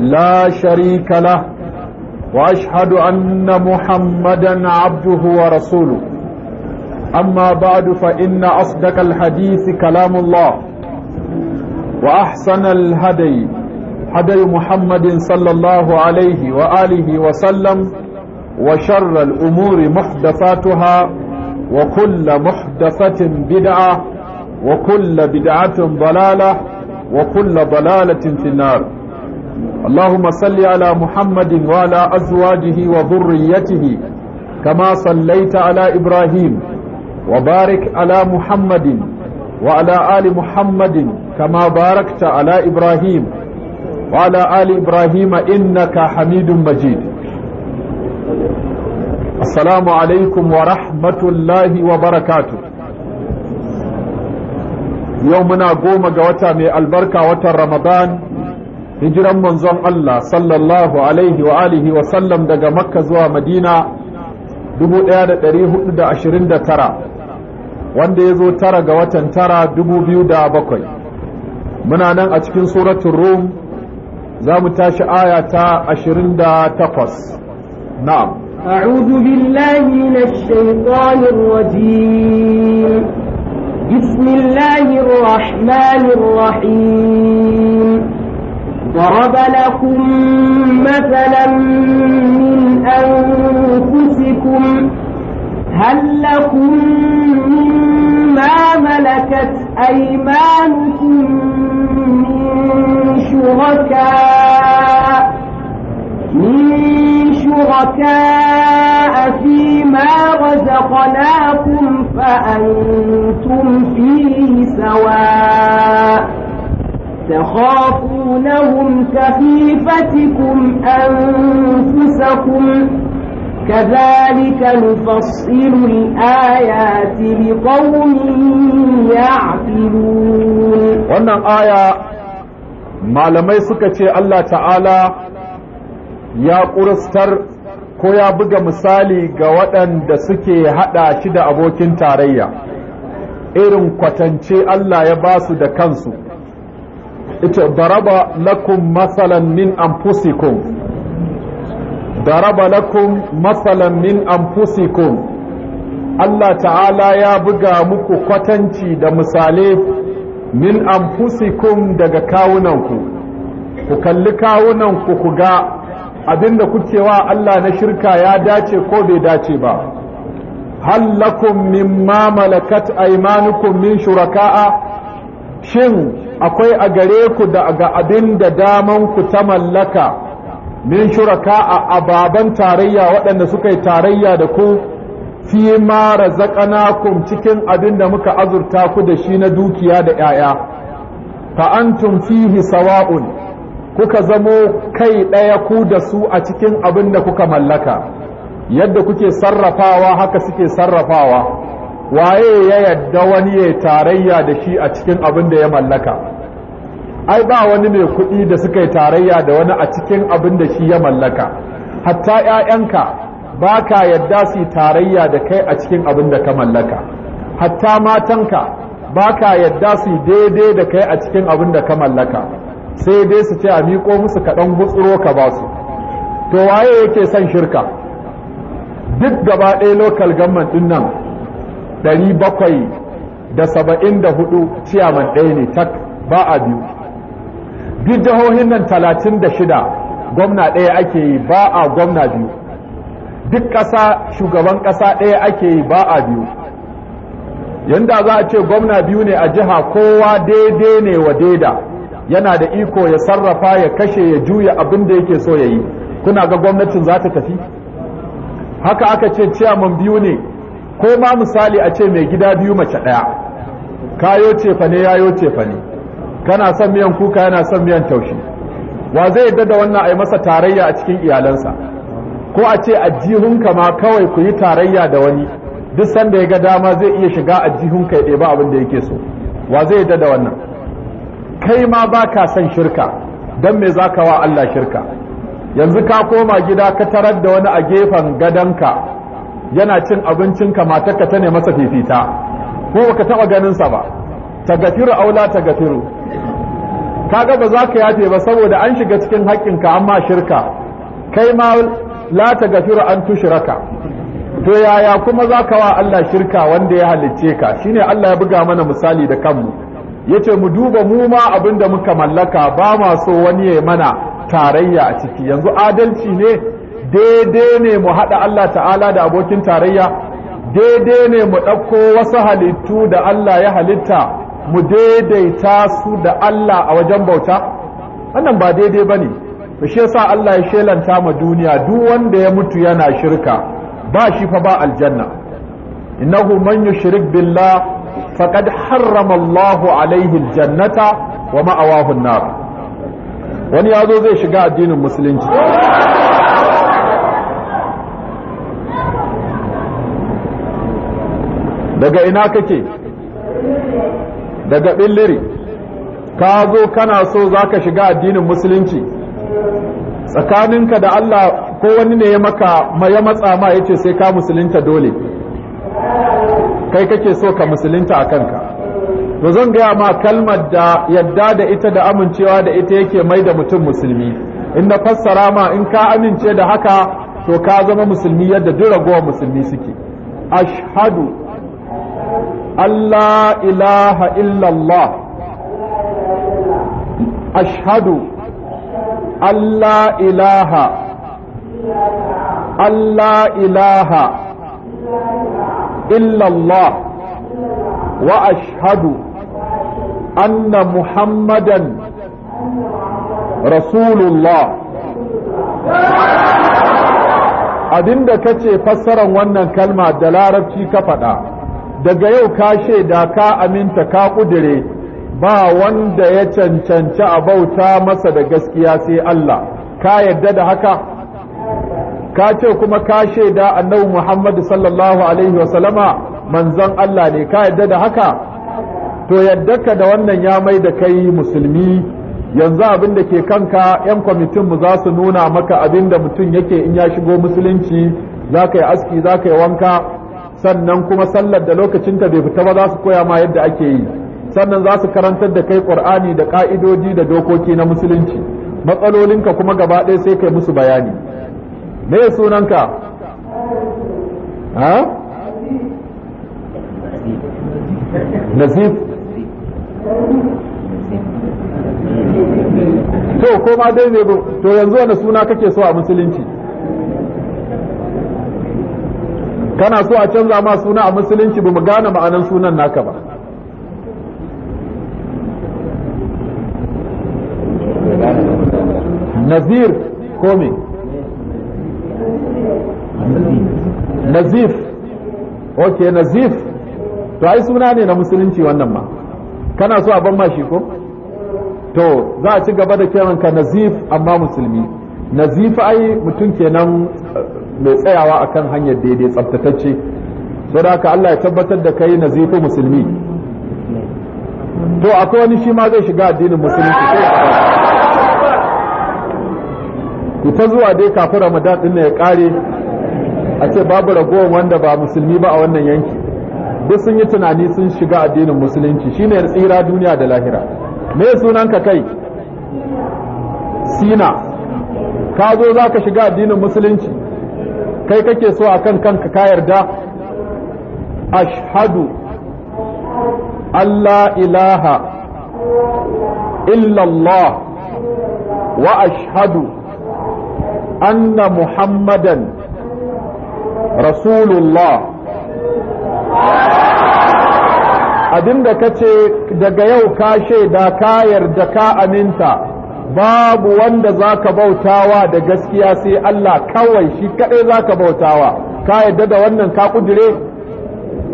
لا شريك له وأشهد أن محمدا عبده ورسوله أما بعد فإن أصدق الحديث كلام الله وأحسن الهدي هدي محمد صلى الله عليه وآله وسلم وشر الأمور محدثاتها وكل محدثة بدعة وكل بدعة ضلالة وكل ضلالة في النار اللهم صل على محمد وعلى أزواجه وذريته كما صليت على إبراهيم وبارك على محمد وعلى آل محمد كما باركت على إبراهيم وعلى آل إبراهيم إنك حميد مجيد السلام عليكم ورحمة الله وبركاته يومنا قوم قوتا من البركة وتر رمضان hijiran manzon Allah sallallahu alaihi wa alihi wa sallam daga makka zuwa madina 1429 wanda ya zo tara ga watan tara 2007 muna nan a cikin suratun rum za mu tashi aya ta 28 na'am أعوذ بالله من الشيطان الرجيم بسم الله الرحمن الرحيم ضرب لكم مثلا من أنفسكم هل لكم مما ملكت أيمانكم من شركاء من شركاء فيما رزقناكم فأنتم فيه سواء تخافونهم كخيفتكم أنفسكم كذلك نفصل الآيات لقوم يعقلون wannan aya malamai suka ce Allah ta'ala ya ƙurstar ko ya buga misali ga waɗanda suke haɗa shi da abokin tarayya irin kwatance Allah ya ba su da kansu ita daraba lakum masalan min anfusikum daraba lakum masalan min anfusikum Allah ta'ala ya buga muku kwatanci da misale min anfusikum daga kawunanku ku kalli kawunanku ku ga abinda wa Allah na shirka ya dace ko bai dace ba hal lakum mimma malakat aymanukum min shuraka'a shin akwai a gare ku da ga abin da daman ku ta mallaka min shuraka a ababan tarayya waɗanda suka yi tarayya da ku fi ma razaqnakum cikin abin da muka azurta ku da shi na dukiya da 'ya'ya fa antum fihi sawa'un kuka zamo kai ɗaya ku da su a cikin abin da kuka mallaka yadda kuke sarrafawa haka suke sarrafawa waye ya yadda wani ya tarayya da shi a cikin abin da ya mallaka ai ba wani mai kuɗi da suka yi tarayya da wani a cikin abin da shi ya mallaka hatta 'ya'yanka ba ka yadda su tarayya da kai a cikin abin da ka mallaka hatta matanka ba ka yadda su daidai da kai a cikin abin da ka mallaka sai dai su ce a miƙo musu kaɗan gutsuro ka ba su to waye yake son shirka duk gaba ɗaya local government ɗin nan ciyaman ɗaya ne tak ba a biyu duk jihohin nan shida gwamna ɗaya ake yi ba a gwamna biyu duk ƙasa shugaban ƙasa ɗaya ake yi ba a biyu yanda za a ce gwamna biyu ne a jiha kowa daidai ne wa daida yana da iko ya sarrafa ya kashe ya juya abin da yake so ya yi kuna ga gwamnatin za ta tafi haka aka ce ciyaman biyu ne ko ma misali a ce mai gida biyu mace ɗaya kayo ne yayo ne kana son miyan kuka yana son miyan taushi wa zai yadda da wannan a yi masa tarayya a cikin iyalansa ko a ce ajihunka ma kawai ku yi tarayya da wani duk sanda ya ga dama zai iya shiga ajihunka ya ɗeba abin da yake so wa zai yadda da wannan kai ma ba ka son shirka don me za ka wa Allah shirka yanzu ka koma gida ka tarar da wani a gefen gadonka yana cin abincin kamatarka ta ne masa fifita ko baka taba ganin sa ba Ta tagafiru aula tagafiru kaga ba za ka yafe ba saboda an shiga cikin haƙƙinka amma shirka kai ma la tagafiru an tushraka to yaya kuma za ka wa Allah shirka wanda ya halicce ka shine Allah ya buga mana misali da kanmu yace mu duba mu ma abin da muka mallaka ba ma so wani ya mana tarayya a ciki yanzu adalci ne daidai ne mu haɗa Allah ta'ala da abokin tarayya daidai ne mu ɗauko wasu halittu da Allah ya halitta mu daidaita su da Allah a wajen bauta wannan ba daidai ba ne ba shi sa Allah ya shelanta ma duniya duk wanda ya mutu yana shirka ba shi fa ba aljanna innahu man yushrik billah faqad harrama Allahu alaihi aljannata wa ma'awahu an-nar wani yazo zai shiga addinin musulunci daga ina kake daga billiri ka zo kana so za ka shiga addinin musulunci tsakaninka da Allah ko wani ne ya maka ya matsa ma ya ce sai ka musulunta dole kai kake so ka musulunta a kanka to zan gaya ma kalmar da yadda da ita da amincewa da ita yake mai da mutum musulmi in na fassara ma in ka amince da haka to ka zama musulmi yadda duk ragowar musulmi suke ashhadu Allah ilaha illallah ashhadu Allah ilaha Allah ilaha illallah wa ashhadu anna muhammadan rasulullah abinda kace fassarar wannan kalma da larabci ka faɗa daga yau ka shaida ka aminta ka kudire ba wanda ya cancanci a bauta masa da gaskiya sai Allah ka yadda da haka ka ce kuma ka shaida annabi Muhammad sallallahu alaihi wasallama manzon Allah ne ka yadda da haka to yadda ka da wannan ya mai da kai musulmi yanzu abin da ke kanka 'yan kwamitin mu za su nuna maka abin da mutum yake in ya shigo musulunci za ka yi aski za ka yi wanka sannan kuma sallar da lokacinta bai fita ba za su koya ma yadda ake yi sannan za su karantar da kai qur'ani da ka'idoji da dokoki na musulunci matsalolinka kuma gaba ɗaya sai kai musu bayani me sunanka ha to ko ma dai ne to yanzu wani suna kake so a musulunci kana so a canza ma suna a musulunci ba mu gane ma'anan sunan naka ba nazir ko me nazif ok nazif to ai suna ne na musulunci wannan ma kana so a ban ma shi ko to za a ci gaba da kiranka nazif amma musulmi nazif ai mutum kenan mai tsayawa a kan hanyar daidai tsaftatacce saboda haka Allah ya tabbatar da kai nazifu musulmi to akwai wani shi ma zai shiga addinin musulunci ku ta zuwa dai kafin ramadan din ya kare a ce babu ragowar wanda ba musulmi ba a wannan yanki duk sun yi tunani sun shiga addinin musulunci shine tsira duniya da lahira me sunanka kai sina ka zo za ka shiga addinin musulunci kai kake so a kan kanka ka yarda ashhadu Allah ilaha illallah wa ashhadu anna muhammadan rasulullah abinda kace daga yau ka shaida ka yarda ka aminta babu wanda zaka bautawa da gaskiya sai Allah kawai shi kadai zaka bautawa ka yadda da wannan ka kudire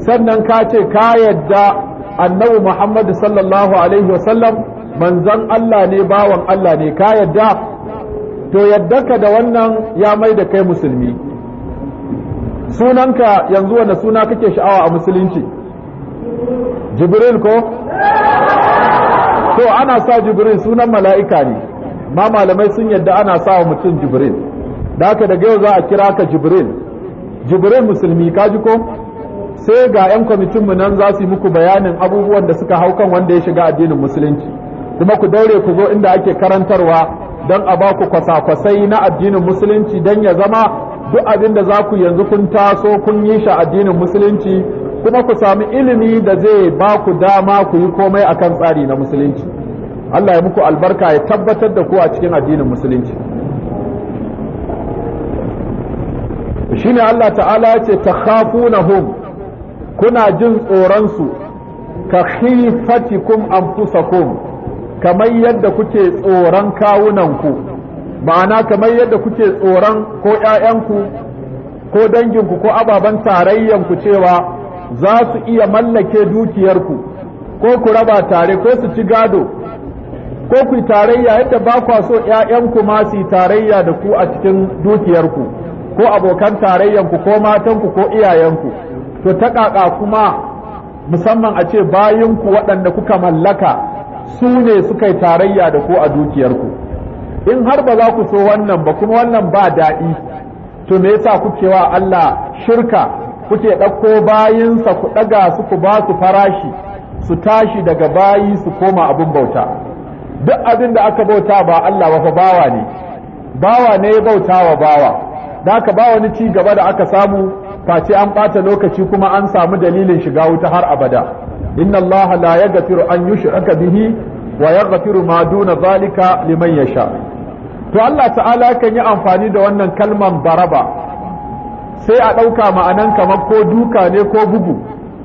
sannan ka ce ka yadda annabi Muhammad sallallahu alaihi wasallam manzon Allah ne bawan Allah ne ka yadda to ka da wannan ya mai da kai musulmi sunanka yanzu wanda suna kake sha'awa a musulunci jibril ko ko ana sa jibril sunan mala'ika ne ma malamai sun yadda ana sa wa mutum jibril da haka daga yau za a kira ka jibril jibril musulmi ka ji ko sai ga 'yan kwamitinmu nan za su yi muku bayanin abubuwan da suka hau kan wanda ya shiga addinin musulunci kuma ku daure ku zo inda ake karantarwa don a ba ku kwasa-kwasai na addinin musulunci don ya zama duk abin da za ku yanzu kun taso kun yi shi addinin musulunci kuma ku sami ilimi da zai ba ku dama ku yi komai akan tsari na musulunci Allah ya muku albarka ya tabbatar da ku a cikin addinin musulunci shine Allah ta'ala ya ce takhafunahum kuna jin tsoron su ka khifatikum anfusakum kamar yadda kuke tsoron kawunanku ma'ana kamar yadda kuke tsoron ko ƴaƴanku, ko danginku ko ababen tarayyanku cewa za su iya mallake dukiyarku ko ku raba tare ko su ci gado ko ku tarayya yadda ba kwa so ‘ya'yanku ma su tarayya da ku a cikin dukiyarku ko abokan tarayyanku ko matanku ko iyayenku to ta ƙaƙa kuma musamman a ce bayinku waɗanda kuka mallaka su ne suka yi tarayya da ku a dukiyarku in har ba za ku so wannan ba kuma wannan ba daɗi to me yasa kuke wa Allah shirka kuke ɗauko bayinsa ku ɗaga su ku ba su farashi su tashi daga bayi su koma abin bauta duk abin da aka bauta ba Allah ba fa bawa ne bawa ne ya bauta wa bawa da aka ba wani ci gaba da aka samu face an ɓata lokaci kuma an samu dalilin shiga wuta har abada inna Allah la yaghfiru an yushraka bihi wa yaghfiru ma duna zalika liman ya sha. to Allah ta'ala kan yi amfani da wannan kalman baraba sai a ɗauka ma'anan kamar ko duka ne ko bugu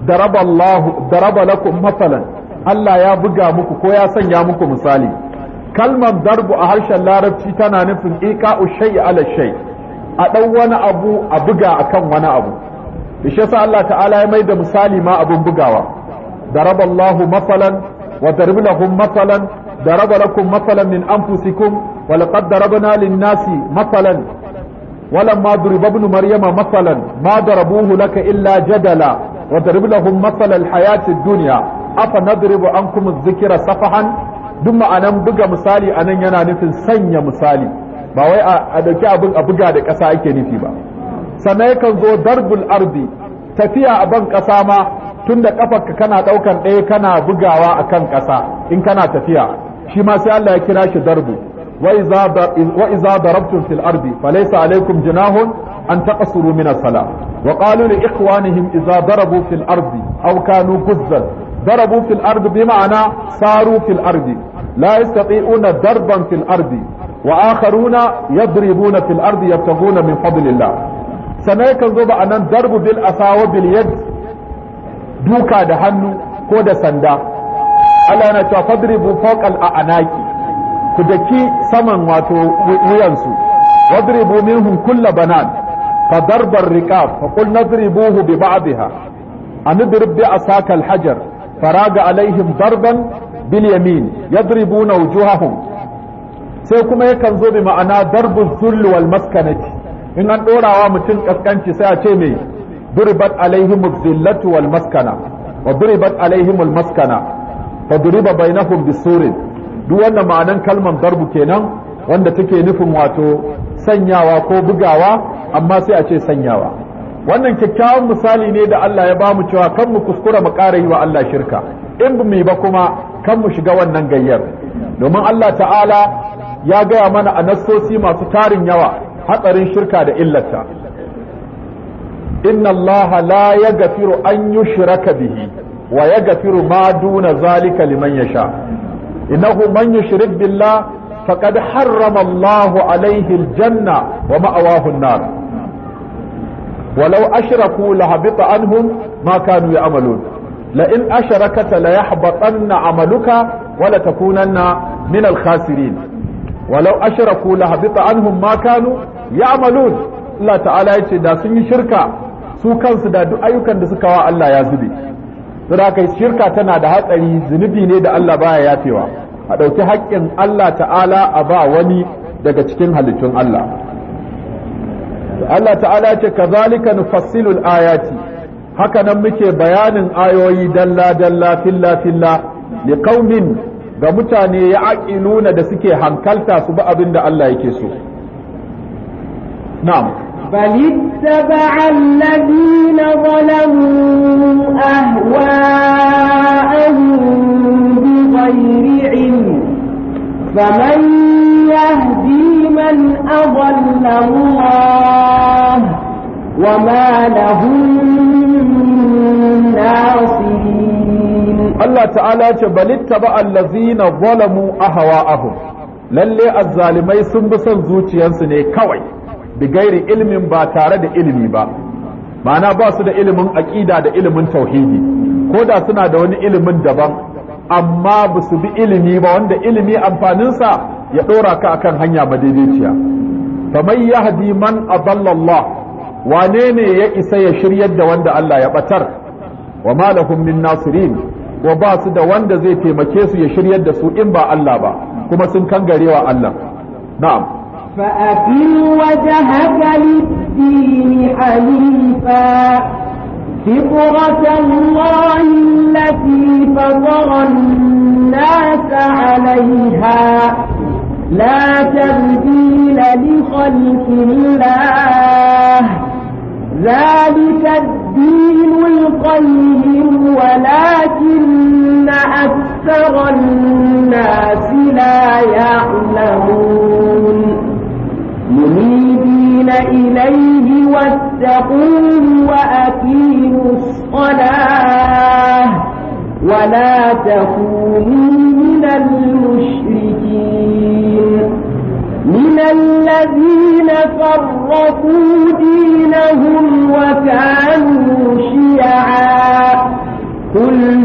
daraba lakum masalan Allah ya buga muku ko ya sanya muku misali kalmar darbu a harshen larabci tana nufin ika shay'i ala shay a ɗau wani abu a buga akan wani abu shi sa Allah ta'ala ya mai da misali ma abin bugawa daraba Allahu masalan wa darbi lahum masalan daraba masalan min anfusikum wa laqad darabna lin-nasi masalan ولما ضرب ابن مريم مثلا ما ضربوه لك إلا جدلا وضرب لهم مثل الحياة الدنيا أفنضرب عنكم الذكر صفحا دم أنا بقى مثالي أنا yana nufin sanya misali ba wai a dauki abin a buga da ƙasa ake nufi ba sannan yakan zo darbul ardi tafiya a ban ƙasa ma tun da ƙafarka kana ɗaukan ɗaya kana bugawa a kan ƙasa in kana tafiya shi ma sai Allah ya kira shi darbu وإذا ضربتم في الأرض فليس عليكم جناح أن تقصروا من الصلاة وقالوا لإخوانهم إذا ضربوا في الأرض أو كانوا جزا ضربوا في الأرض بمعنى صاروا في الأرض لا يستطيعون ضربا في الأرض وآخرون يضربون في الأرض يبتغون من فضل الله سنيك الزوبة أن ضرب بالأساوة باليد دوكا دهنو كود سندا ألا نتفضرب فوق الأعناكي ku daki saman wato wuyansu wadribu minhum kulla banan fa darbar riqab fa qul nadribuhu bi ba'dha an idrib bi asaka al hajar faraga alaihim darban bil yamin yadribuna wujuhahum sai kuma yakan zo bi ma'ana darbu zull wal maskanati in an dorawa mutum kaskanci sai a ce me durbat alaihim zillatu wal maskana wa durbat alaihim al maskana fa duriba bainahum bisurin duk wannan ma'anan kalman darbu kenan wanda take nufin wato sanyawa ko bugawa amma sai a ce sanyawa wannan kyakkyawan misali ne da Allah ya bamu cewa kan mu kuskura mu ƙara yi wa Allah shirka in ba mu ba kuma kan mu shiga wannan gayyar domin Allah ta'ala ya gaya mana a nassosi masu tarin yawa hatsarin shirka da illarta inna Allah la yaghfiru an yushraka bihi wa yaghfiru ma duna zalika liman yasha innahu man yushrik billah faqad harrama Allah alaihi aljanna wa ma'awahu an-nar walau ashraku lahabita anhum ma kanu ya'malun la in asharakata la yahbatanna 'amaluka wa la takunanna min al-khasirin walau ashraku lahabita anhum ma kanu ya'malun Allah ta'ala yace da sun yi shirka su kansu da duk ayyukan da suka wa Allah ya zube saboda shirka tana da hatsari zunubi ne da Allah baya yafewa a ɗauki haƙƙin Allah ta'ala a ba wani daga cikin halittun Allah Allah ta'ala ce kazalika nufassilul ayati haka nan muke bayanin ayoyi dalla dalla filla filla liqaumin ga mutane ya nuna da suke hankalta su ba abin da Allah yake so na'am بل اتبع الذين ظلموا أهواءهم بغير علم فمن يهدي من أضل الله وما لهم من ناصرين الله تعالى بل اتبع الذين ظلموا أهواءهم lalle azzalimai sun bi son zuciyarsu ne kawai bi gairi ilmin ba tare da ilimi ba ma'ana ba su da ilimin aƙida da ilimin tauhidi ko da suna da wani ilimin daban amma ba su bi ilimi ba wanda ilimi amfaninsa ya ɗora ka akan hanya madaidaiciya kamar yahdi man adallallah wane ne ya isa ya shiryar da wanda Allah ya batar wa malakum min nasirin wa ba su da wanda zai taimake su ya shiryar da su in ba Allah ba kuma sun kangarewa Allah na'am فأقم وجهك للدين حنيفا فطرة الله التي فطر الناس عليها لا تبديل لخلق الله ذلك الدين القيم ولكن أكثر الناس لا يعلمون منيبين إليه واتقوه وأقيموا الصلاة ولا تكونوا من المشركين من الذين فرقوا دينهم وكانوا شيعا كل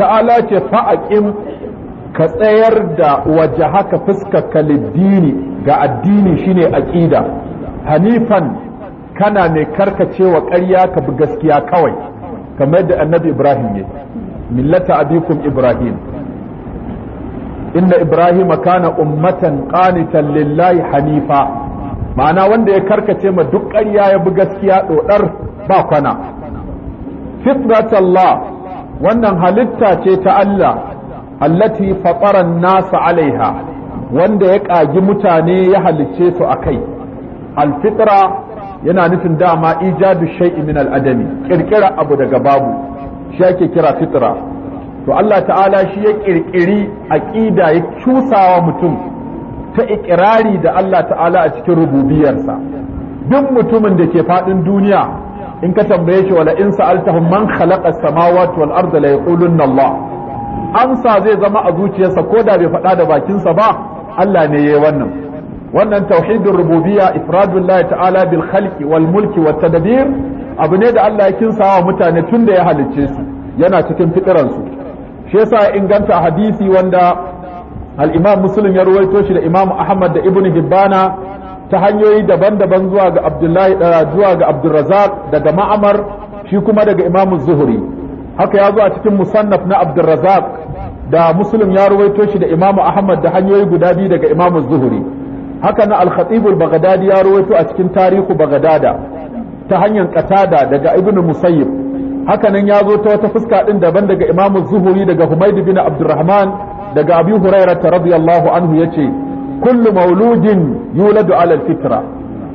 ta'ala ce fa'aƙin ka tsayar da waje haka fuskarka liddini ga addini shine aƙida hanifan kana mai karkacewa ƙarya ka bi gaskiya kawai kamar da annabi ibrahim ne millata abikum ibrahim inna ibrahim kana ummatan qanitan lillahi hanifa ma'ana wanda ya karkace ma duk ƙarya ya bi gaskiya dodar ba kwana fitratallah wannan halitta ce ta Allah allati fataran nasa alaiha wanda ya ƙagi mutane ya halicce su a kai alfitra yana nufin dama ijadu shay'i min al'adami ƙirƙira abu daga babu shi ake kira fitra to Allah ta'ala shi ya ƙirƙiri aƙida ya cusawa mutum ta ikirari da Allah ta'ala a cikin rububiyarsa duk mutumin da ke faɗin duniya in ka tambaye shi wala in sa'altahum man khalaqa as-samawati wal arda la yaqulunna Allah amsa zai zama a zuciyarsa ko da bai faɗa da bakinsa ba Allah ne yayi wannan wannan tauhidur rububiyya ifradullahi ta'ala bil khalqi wal mulki wat tadbir abu ne da Allah ya kinsa wa mutane tun da ya halicce su yana cikin fitiran su shi yasa inganta hadisi wanda al-Imam Muslim ya ruwaito shi da Imam Ahmad da Ibn Hibbana ta hanyoyi daban-daban zuwa ga abdullahi eh, zuwa ga abdurrazak daga ma'amar shi kuma daga imamu zuhuri haka ya zo a cikin musannaf na abdurrazak da muslim ya ruwaito shi da imamu ahmad da hanyoyi guda biyu daga imamu zuhuri haka na al-khatibul ya ruwaito a cikin tarihu baghdada ta hanyar katada daga ibnu musayyib haka nan ya zo ta wata fuska din daban daga imamu zuhuri daga humaid bin abdurrahman daga abi hurairah radiyallahu anhu yace kullu mauludin yuladu alal fitra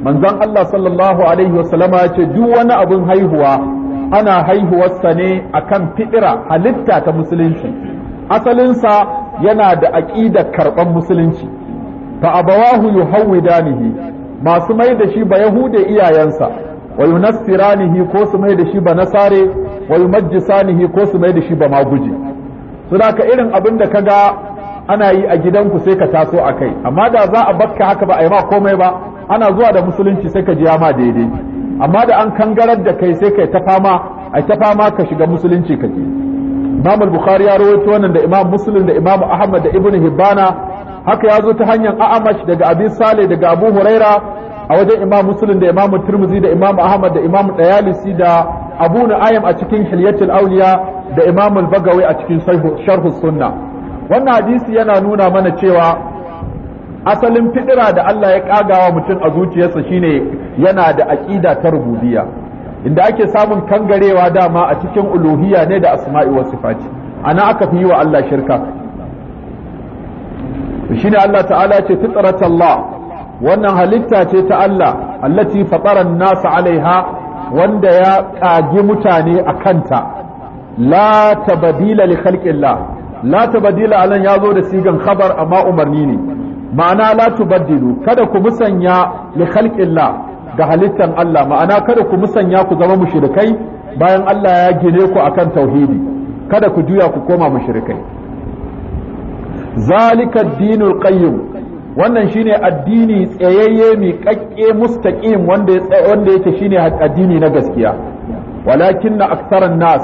manzon Allah sallallahu alaihi wasallama ya ce duk wani abin haihuwa ana haihuwarsa ne akan fitira halitta ta musulunci asalinsa yana da aƙida karɓar musulunci fa abawahu yuhawidanihi masu mai da shi ba yahude iyayensa wa yunassiranihi ko su mai da shi ba nasare wa yumajjisanihi ko su mai da shi ba maguji so da irin abin da ka ga. ana yi a gidanku sai ka taso a kai amma da za a bakka haka ba a yi ma komai ba ana zuwa da musulunci sai ka ji ma daidai amma da an kangarar da kai sai kai tafa fama a tafa ma ka shiga musulunci ka je Imam bukhari ya rawaito wannan da Imam Muslim da Imam Ahmad da Ibn Hibbana haka ya zo ta hanyar A'amash daga Abi salih daga Abu Huraira a wajen Imam Muslim da Imam Tirmidhi da Imam Ahmad da Imam Dayalisi da Abu Nu'aym a cikin Hilyatul Awliya da Imam al-Bagawi a cikin Sharh Sunnah wannan hadisi yana nuna mana cewa asalin fidira da Allah ya kagawa mutum a zuciyarsa shine yana da aqida ta rububiyya inda ake samun kangarewa dama a cikin uluhiyya ne da asma'i wa sifati ana aka fi yi wa Allah shirka shine Allah ta'ala ce fitratallah wannan halitta ce ta Allah allati fataran nasa alaiha wanda ya kage mutane a kanta la tabadila li khalqillah la tabdila alan ya zo da sigan khabar amma umarni ne ma'ana la tubaddilu kada ku musanya li khalqillah ga halittan Allah ma'ana kada ku musanya ku zama mushrikai bayan Allah ya gine ku akan tauhidi kada ku juya ku koma mushrikai zalika dinul qayyim wannan shine addini tsayayye miƙaƙƙe kakke mustaqim wanda wanda yake shine addini na gaskiya walakin na aksaran nas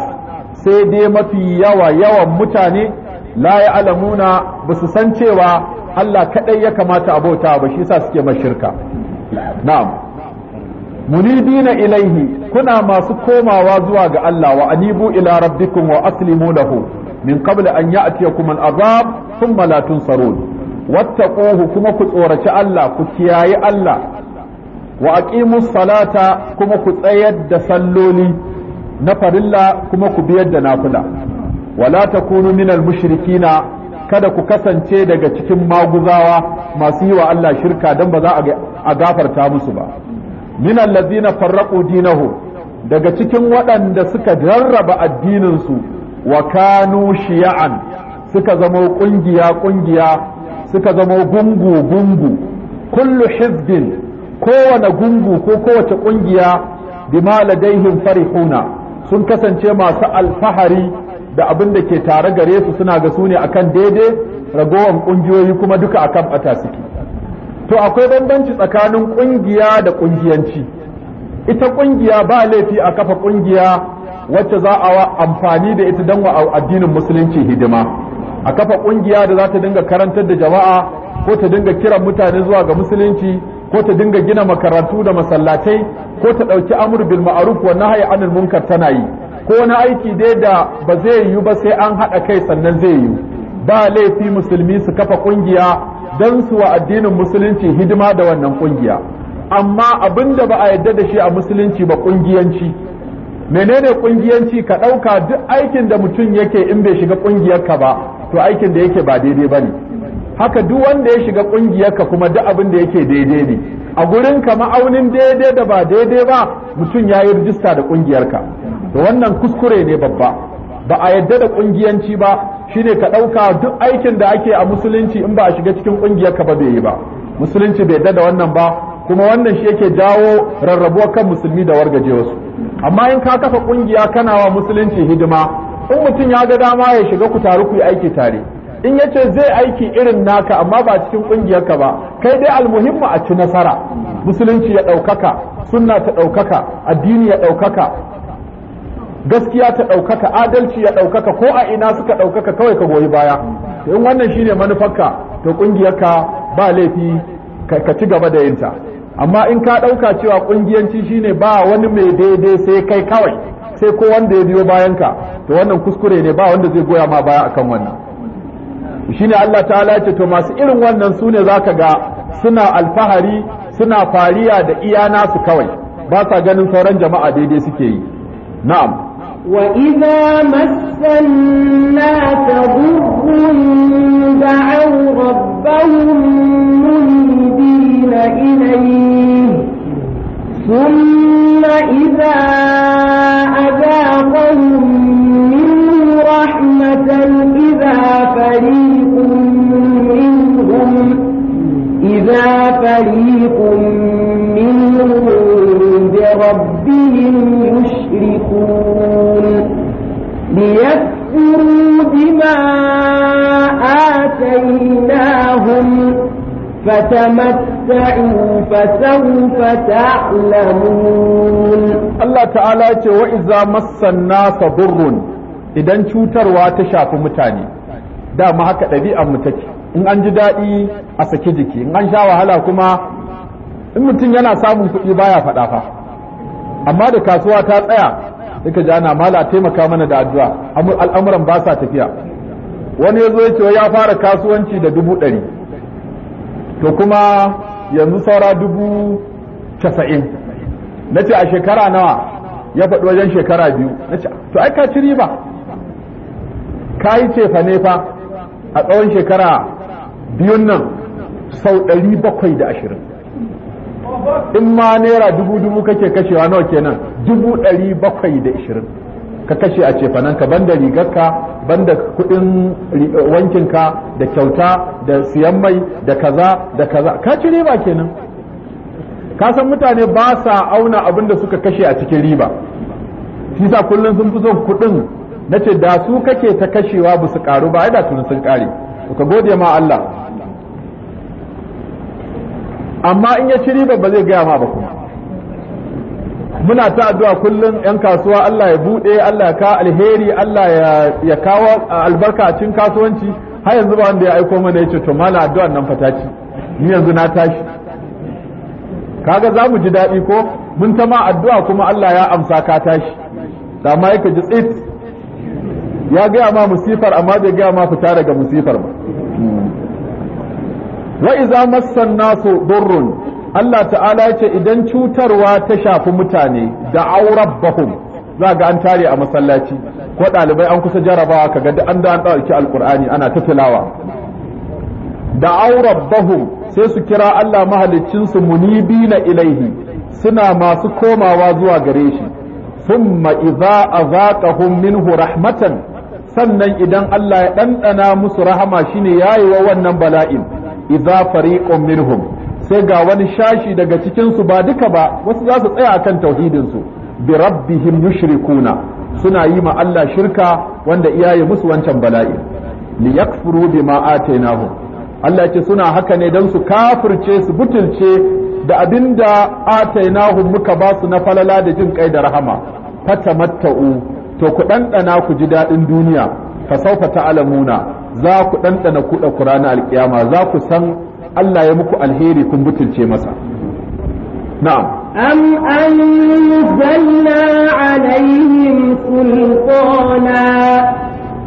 sai dai mafi yawa yawan mutane la ya'lamuna basu san cewa Allah kaɗai ya kamata abota ba shi yasa suke mashirka na'am munibina ilaihi kuna masu komawa zuwa ga Allah wa anibu ila rabbikum wa aslimu lahu min qabl an ya'tiyakum al'azab thumma la tunsarun wattaquhu kuma ku tsoraci Allah ku kiyayi Allah wa musalata kuma ku tsayar da salloli na farilla kuma ku biyar da nafila wala takunu minal mushrikina kada ku kasance daga cikin maguzawa masu yi wa Allah shirka dan ba za a gafarta musu ba min allazina farraqu dinahu daga cikin waɗanda suka jarraba addinin su wa kanu shiya'an suka zama ƙungiya ƙungiya suka zama gungu gungu kullu hizbin kowane gungu ko kowace kungiya bima ladaihim farihuna sun kasance masu alfahari da abin da ke tare gare su suna ga su ne akan daidai ragowar ƙungiyoyi kuma duka akan bata suke to akwai bambanci tsakanin ƙungiya da ƙungiyanci. ita ƙungiya ba laifi a kafa ƙungiya wacce za a wa amfani da ita don wa addinin musulunci hidima a kafa ƙungiya da za ta dinga karantar da jama'a ko ta dinga kiran mutane zuwa ga musulunci ko ta dinga gina makarantu da masallatai ko ta ɗauki amur bil ma'ruf wa nahyi anil munkar tana yi ko na aiki dai da ba zai yiwu ba sai an haɗa kai sannan zai yiwu ba laifi musulmi su kafa ƙungiya don su wa addinin musulunci hidima da wannan ƙungiya amma abin da ba a yadda da shi a musulunci ba ƙungiyanci menene ƙungiyanci ka ɗauka duk aikin da mutum yake in bai shiga ƙungiyarka ba to aikin da yake ba daidai ba ne haka duk wanda ya shiga ƙungiyarka kuma duk abin da yake daidai ne a gurin ka ma'aunin daidai da ba daidai ba mutum ya yi rijista da ƙungiyarka Da wannan kuskure ne babba ba a yadda da kungiyanci ba shine ka ɗauka duk aikin da ake a musulunci in ba a shiga cikin kungiyar ka ba bai yi ba musulunci bai yadda da wannan ba kuma wannan shi yake jawo rarrabuwa kan musulmi da wargaje wasu amma in ka kafa kungiya kana wa musulunci hidima in mutum ya ga dama ya shiga ku taru ku yi aiki tare in ya ce zai aiki irin naka amma ba cikin ka ba kai dai almuhimmu a ci nasara musulunci ya ɗaukaka sunna ta ɗaukaka addini ya ɗaukaka gaskiya ta ɗaukaka adalci ya ɗaukaka ko a ina suka ɗaukaka kawai ka goyi baya in wannan shine manufarka to ƙungiyarka ba laifi ka ci gaba da yinta amma in ka ɗauka cewa ƙungiyanci shine ba wani mai daidai sai kai kawai sai ko wanda ya biyo bayan ka, to wannan kuskure ne ba wanda zai goya ma baya akan wannan shine Allah ta'ala ce to masu irin wannan su ne ka ga suna alfahari suna fariya da iyana su kawai ba sa ganin sauran jama'a daidai suke yi na'am وإذا مس الناس ضر دعوا ربهم منيبين إليه ثم إذا allah ta'ala ya ce تعالى وإذا مس idan cutarwa ta shafi mutane da ma haka ɗabi'ar mu in an ji daɗi a saki jiki in an sha wahala kuma in mutum yana samun kuɗi baya faɗa fa amma da kasuwa ta tsaya duka ji ana mala taimaka mana da addu'a al'amuran ba sa tafiya wani ya zo ya ce ya fara kasuwanci da dubu ɗari to kuma yanzu saura dubu casa'in na ce a shekara nawa ya faɗi wajen shekara biyu na ce to ai ka ci riba ka yi cefa ne fa a tsawon shekara biyun nan sau ɗari bakwai da ashirin in ma naira dubu dubu kake kashewa nawa kenan dubu ɗari bakwai da ashirin ka kashe a cefanen ka ban da rigarka banda kudin wankinka da kyauta da siyan mai da kaza da kaza ka ci riba kenan ka san mutane ba sa auna abin da suka kashe a cikin riba shi sa kullum sun fi son kudin na ce da su kake ta kashewa ba su karu ba da tuni sun kare ka gode ma Allah amma in ya ci riba ba zai gaya ma ba kuma muna ta addu'a kullum yan kasuwa Allah ya buɗe, Allah ya kawo alheri Allah ya kawo albarka a cikin kasuwanci har yanzu ba wanda ya aiko mana yace to mala addu'an nan fata ce ni yanzu na tashi kaga za mu ji daɗi ko mun ta ma addu'a kuma Allah ya amsa ka tashi da ma yake ji tsit ya gaya ma musifar amma bai gaya ma fita daga musifar ba wa iza massan nasu durrun Allah ta'ala ce idan cutarwa ta shafi mutane da aurabbahum za ga an tare a masallaci ko ɗalibai an kusa jarabawa ka ga an da an ɗauki alkur'ani ana ta tilawa da bahum sai su kira Allah mahaliccinsu na ilaihi suna masu komawa zuwa gare shi thumma idza azaqahum minhu rahmatan sannan idan Allah ya ɗanɗana musu rahama shine yayi wa wannan bala'in idza fariqun minhum sai ga wani shashi daga cikinsu ba duka ba wasu za su tsaya tauhidin tauhidinsu bi rabbihim yushrikuna suna yi ma Allah shirka wanda iyaye musu wancan bala'i li yakfuru bima atainahu Allah ce suna haka ne don su kafirce su butulce da abinda atainahu muka ba su na falala da jin kai da rahama fatamatta'u to ku ɗanɗana ku ji dadin duniya fa saufa ta'lamuna za ku ɗanɗana kuɗa qur'ana alkiyama za ku san Allah ya muku alheri kun butulce masa na'am أم أنزلنا عليهم سلطانا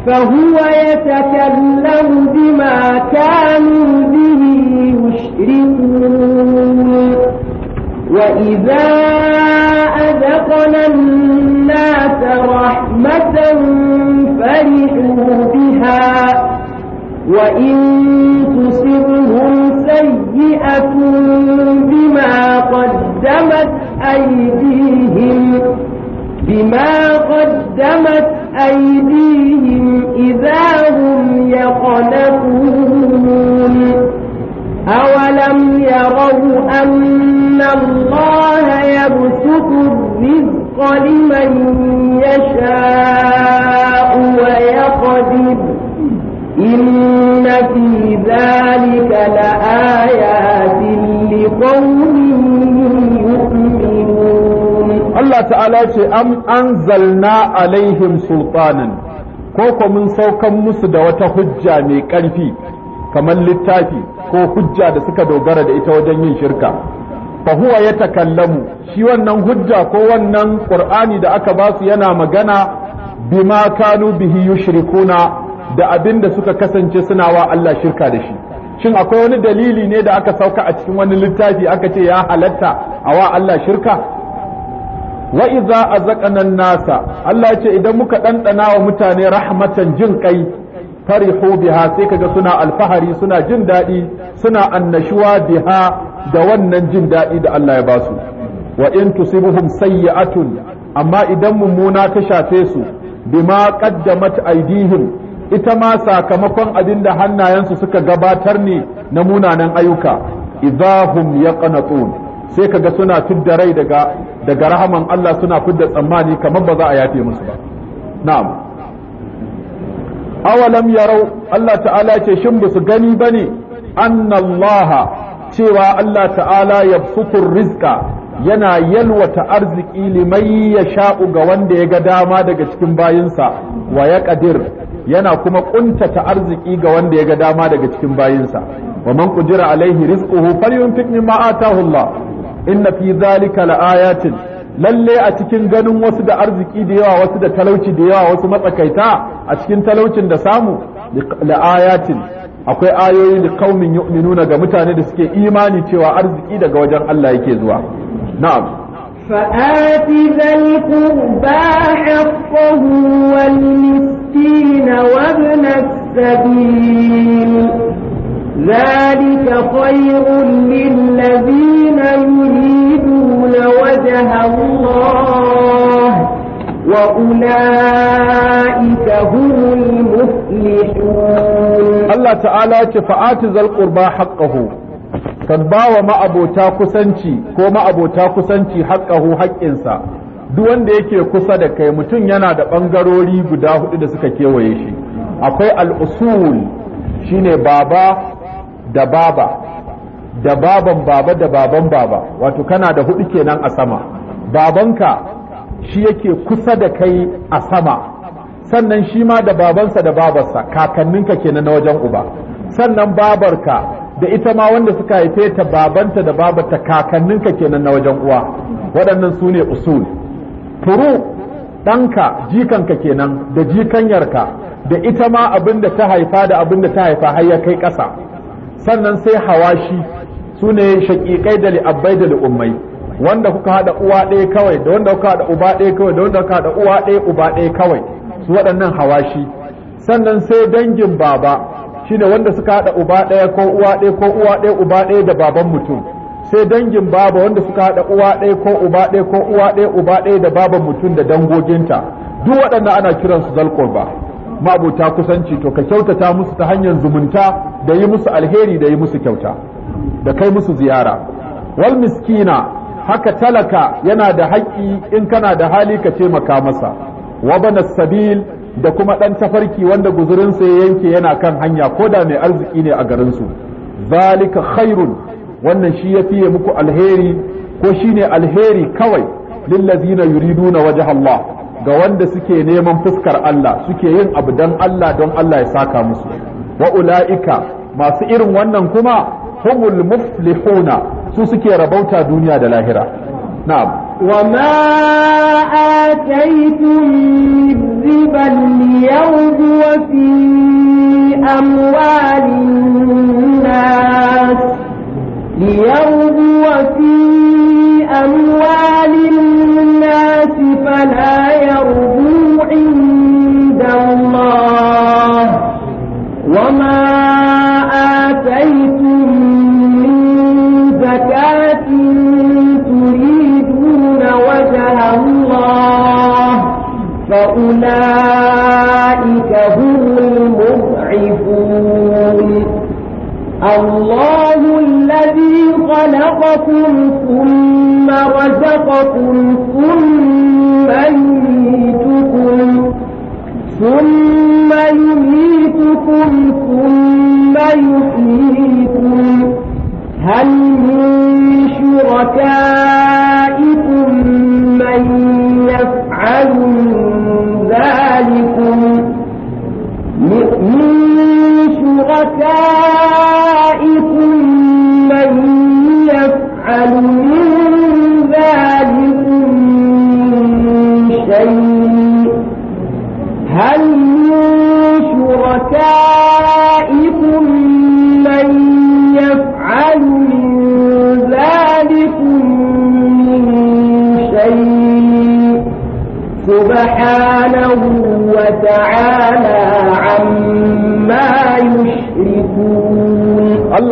فهو يتكلم بما كانوا به يشركون وإذا أذقنا الناس رحمة فرحوا بها وإن مستبشئة بما قدمت أيديهم بما قدمت أيديهم إذا هم يقلقون أولم يروا أن الله يبسط الرزق لمن يشاء Allah ta'ala ce an anzalna alaihim sultanan ko ko mun saukan musu da wata hujja mai ƙarfi kamar littafi ko hujja da suka dogara da ita wajen yin shirka fa huwa ya takallamu shi wannan hujja ko wannan qur'ani da aka ba su yana magana bima kanu bihi yushrikuna da abin da suka kasance suna wa Allah shirka da shi shin akwai wani dalili ne da aka sauka a cikin wani littafi aka ce ya halatta a wa Allah shirka wa iza azaqana nasa Allah ya ce idan muka dandana wa mutane rahmatan jin kai farihu biha sai kaga suna alfahari suna jin dadi suna annashuwa biha da wannan jin dadi da Allah ya ba su wa in tusibuhum sayyi'atun amma idan mummuna ta shafe su bima qaddamat aydihim ita ma sakamakon abin da hannayensu suka gabatar ne na munanan ayyuka idahum yaqnatun sai kaga suna fidda rai daga daga rahaman Allah suna fidda tsammani kamar ba za a yafe musu ba na'am awalam yarau Allah ta'ala ce shin ba su gani bane annallaha cewa Allah ta'ala yabsutur rizqa yana yalwata arziki limai ya sha'u ga wanda ya ga dama daga cikin bayinsa wa ya ƙadir yana kuma ƙuntata arziki ga wanda ya ga dama daga cikin bayinsa wa man kujira alaihi rizquhu falyunfiq mimma atahu Allah inna fi zalika laayatin lalle a cikin ganin wasu da arziki da yawa wasu da talauci da yawa wasu matsakaita a cikin talaucin da samu laayatin akwai ayoyi da kaumin yu'minuna ga mutane da suke imani cewa arziki daga wajen Allah yake zuwa na'am فآت ذا القربى حقه والمسكين وابن السبيل ذلك خير للذين يريدون وجه الله وأولئك هم المفلحون الله تعالى كفاءات ذا القربى حقه kadbawa ma'abota kusanci ko ma'abota kusanci haƙƙahu haƙƙinsa duk wanda yake kusa da kai mutum yana da ɓangarori guda hudu da suka kewaye shi akwai al'usul shine baba da baba da baban baba da baban baba wato kana da hudu kenan a sama babanka shi yake kusa da kai a sama sannan shi ma da babansa da babarsa kakanninka kenan na wajen uba sannan babarka da ita ma wanda suka haife ta babanta da babarta kakanninka kenan na wajen uwa waɗannan su ne usul furu ɗanka jikanka kenan da jikanyarka da ita ma abin da ta haifa da abin da ta haifa har ya kai ƙasa sannan sai hawashi su ne shaƙiƙai da li'abbai da li'ummai wanda kuka haɗa uwa ɗaya kawai da wanda kuka haɗa uba ɗaya kawai da wanda kuka haɗa uwa ɗaya uba ɗaya kawai su waɗannan hawashi sannan sai dangin baba shi ne wanda suka haɗa uba ɗaya ko uwa ɗaya ko uwa ɗaya uba ɗaya da baban mutum sai dangin baba wanda suka haɗa uwa ɗaya ko uba ɗaya ko uwa ɗaya uba ɗaya da baban mutum da dangoginta duk waɗannan ana kiransu zalƙurba mabuta kusanci to ka kyautata musu ta hanyar zumunta da yi musu alheri da yi musu kyauta da kai musu ziyara wal miskina haka talaka yana da haƙƙi in kana da hali ka taimaka masa wa bana sabil da kuma ɗan tafarki wanda guzurinsa ya yanke yana kan hanya ko da mai arziki ne a garinsu zalika khairun wannan shi ya fiye muku alheri ko shine alheri kawai lillazina yuriduna wajha Allah ga wanda suke neman fuskar Allah suke yin abu don Allah don Allah ya saka musu wa ula'ika masu irin wannan kuma humul muflihuna su suke rabauta duniya da lahira na'am وما آتيتم من ربا ليربو في أموال الناس ليربو في أموال الناس فلا أولئك هم المضعفون الله الذي خلقكم ثم رزقكم ثم يميتكم ثم يميتكم ثم يحييكم هل من شركاء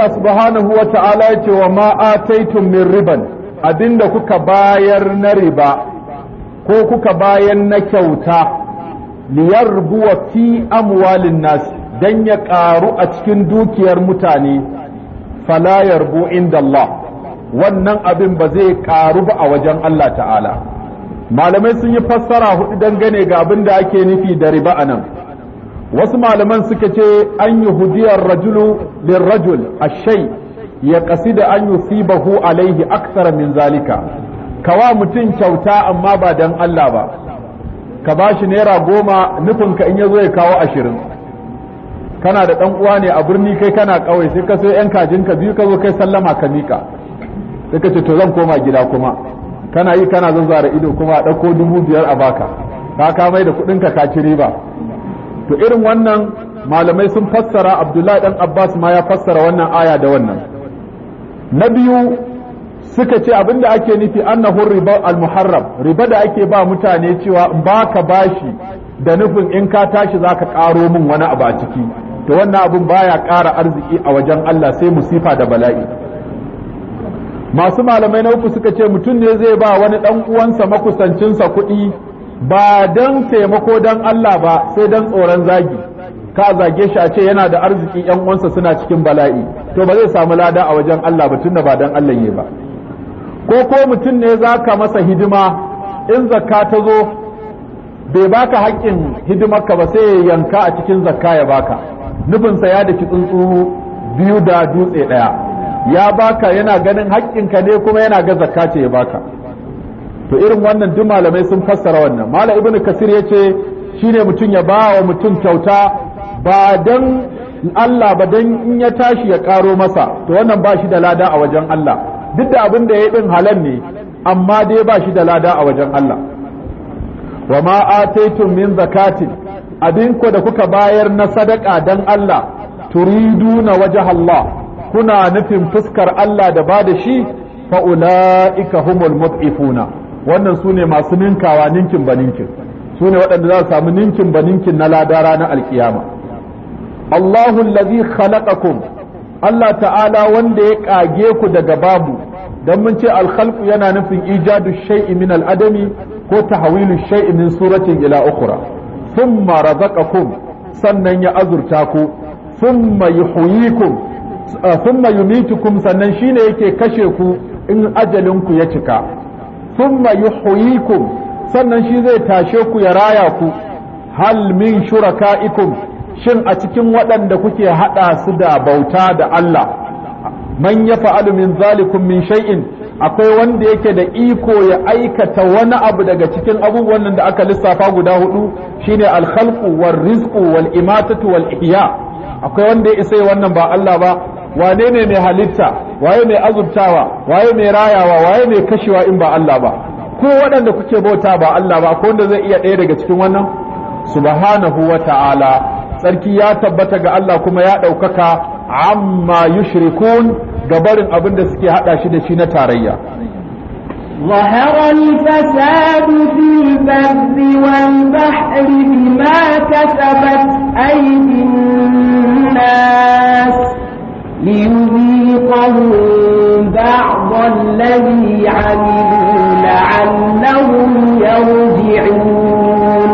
Allah subhanahu wa ta'ala ya ce wa ma'ataitum min riban abinda kuka bayar na riba ko kuka bayan na kyauta liyarbuwa fi amwalin nas dan ya ƙaru a cikin dukiyar mutane fala yarbu inda Allah wannan abin ba zai ƙaru ba a wajen Allah ta'ala malamai sun yi fassara hudu dangane ga abin da ake nufi da riba anan wasu malaman suka ce an yi hudiyar rajulu rajul ashai ya kasi an yi bahu alaihi aksara min zalika kawa mutum kyauta amma ba dan Allah ba ka ba shi naira goma ka in ya zo ya kawo ashirin kana da ɗan uwa ne a birni kai kana kawai sai ka sai yan ka biyu ka zo kai sallama ka mika sai ka ce to zan koma gida kuma kana yi kana zazzara ido kuma a ɗauko dubu biyar a baka ka kamai da kuɗinka ka ci riba to irin wannan malamai sun fassara abdullahi dan abbas ma ya fassara wannan aya da wannan na biyu suka ce abinda ake nufi annahu riba al-muharram riba da ake ba mutane cewa in baka bashi da nufin in ka tashi zaka karo min wani abu a ciki to wannan abun baya ƙara arziki a wajen Allah sai musifa da bala'i masu malamai na uku suka ce mutum ne zai ba wani dan uwansa makusancinsa kuɗi ba don taimako don Allah ba sai don tsoron zagi ka zage shi a ce yana da arziki yan uwansa suna cikin bala'i to ba zai samu lada a wajen Allah ba tunda ba don Allah ne ba ko ko mutum ne za ka masa hidima in zakka ta zo bai baka haƙƙin hidimarka ba sai ya yanka a cikin zakka ya baka nufinsa ya da tsuhu biyu da dutse ɗaya ya baka yana ganin haƙƙinka ne kuma yana ga zakka ce ya baka to irin wannan duk malamai sun fassara wannan malam ibnu kasir yace shine mutum ya ba wa mutum kyauta ba dan Allah ba dan in ya tashi ya karo masa to wannan ba shi da lada a wajen Allah duk da abin da ya din halal ne amma dai ba shi da lada a wajen Allah wa ma ataitum min zakatin abin ko da kuka bayar na sadaka dan Allah turiduna wajha Allah kuna nufin fuskar Allah da ba da shi fa ulaika humul mut'ifuna wannan su ne masu ninkawa ninkin ba ninkin su ne waɗanda za su samu ninkin ba ninkin na lada ranar alkiyama Allahu lazi khalaqakum Allah ta'ala wanda ya ƙage ku daga babu don mun ce alkhalqu yana nufin ijadu shay'in min al'adami ko tahwilu shay'in min suratin ila ukhra thumma razaqakum sannan ya azurta ku thumma yuhyikum thumma yumitukum sannan shine yake kashe ku in ajalinku ya cika ثم يحييكم sannan shi zai tashe ku ya raya ku hal min shuraka'ikum shin a cikin waɗanda kuke haɗa su da bauta da Allah man fa'alu min zalikum min shay'in akwai wanda yake da iko ya aikata wani abu daga cikin abubuwan nan da aka lissafa guda hudu shine al-khalqu war rizqu wal imatatu wal ihya akwai wanda ya isa wannan ba Allah ba wane ne mai halitta waye mai azubtawa waye mai rayawa waye mai kashewa in ba Allah ba ko waɗanda kuke bauta ba Allah ba ko wanda zai iya ɗaya daga cikin wannan subhanahu wa ta'ala tsarki ya tabbata ga Allah kuma ya ɗaukaka amma yushrikun ga barin abin da suke haɗa shi da shi na tarayya ظهر الفساد في البر والبحر بما كسبت أيدي الناس ليذيقهم بعض الذي عملوا لعلهم يرجعون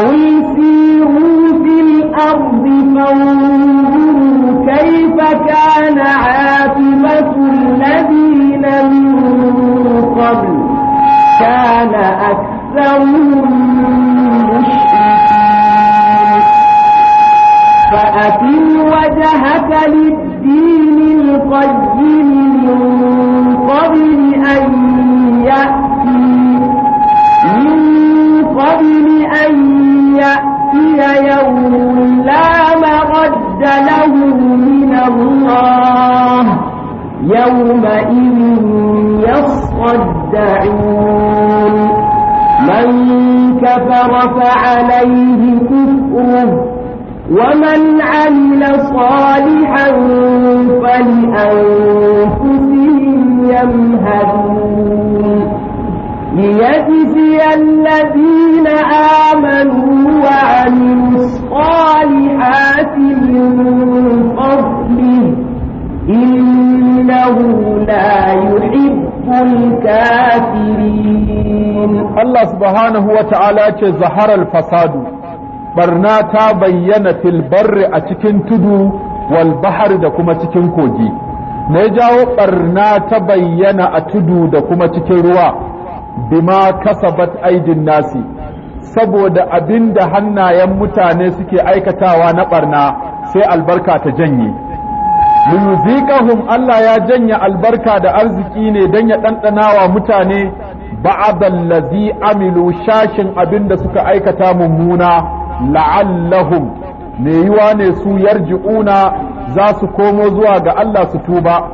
قل سيروا في الأرض فانظروا كيف كان عاقبة الذين من قبل كان أكثرهم للدين القيم من قبل أن يأتي من قبل أن يأتي يوم لا مرد له من الله يومئذ يصدعون من كفر فعليه كفره ومن عمل صالحا فلأنفسهم يمهدون ليجزي الذين آمنوا وعملوا الصالحات من فضله إنه لا يحب الكافرين الله سبحانه وتعالى ظهر الفساد barna ta bayyana fil a cikin tudu wal bahar da kuma cikin kogi me jawo barna ta bayyana a tudu da kuma cikin ruwa bima kasabat aidin nasi saboda abinda hannayen mutane suke aikatawa na barna sai albarka ta janye liyuziqahum Allah ya janye albarka da arziki ne dan ya ɗanɗanawa mutane ba'adallazi amilu shashin abin da suka aikata mummuna la'allahum me yiwa ne su yarji'una za su komo zuwa ga Allah su tuba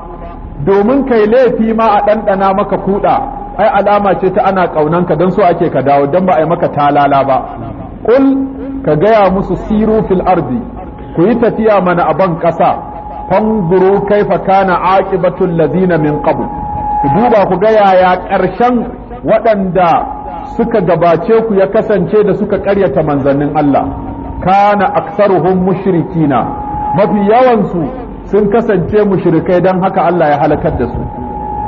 domin kai laifi ma a ɗanɗana maka kuɗa ai alama ce ta ana ƙaunanka don so ake ka dawo don ba a yi maka talala ba kul ka gaya musu siru fil ardi ku yi tafiya mana a ban ƙasa fanguru kaifa kana aqibatul ladina min qabl ku duba ku ga yaya ƙarshen waɗanda suka gabace ku ya kasance da suka ƙaryata manzannin Allah kana aksaruhum mushrikina mafi yawansu sun kasance mushrikai don haka Allah ya halakar da su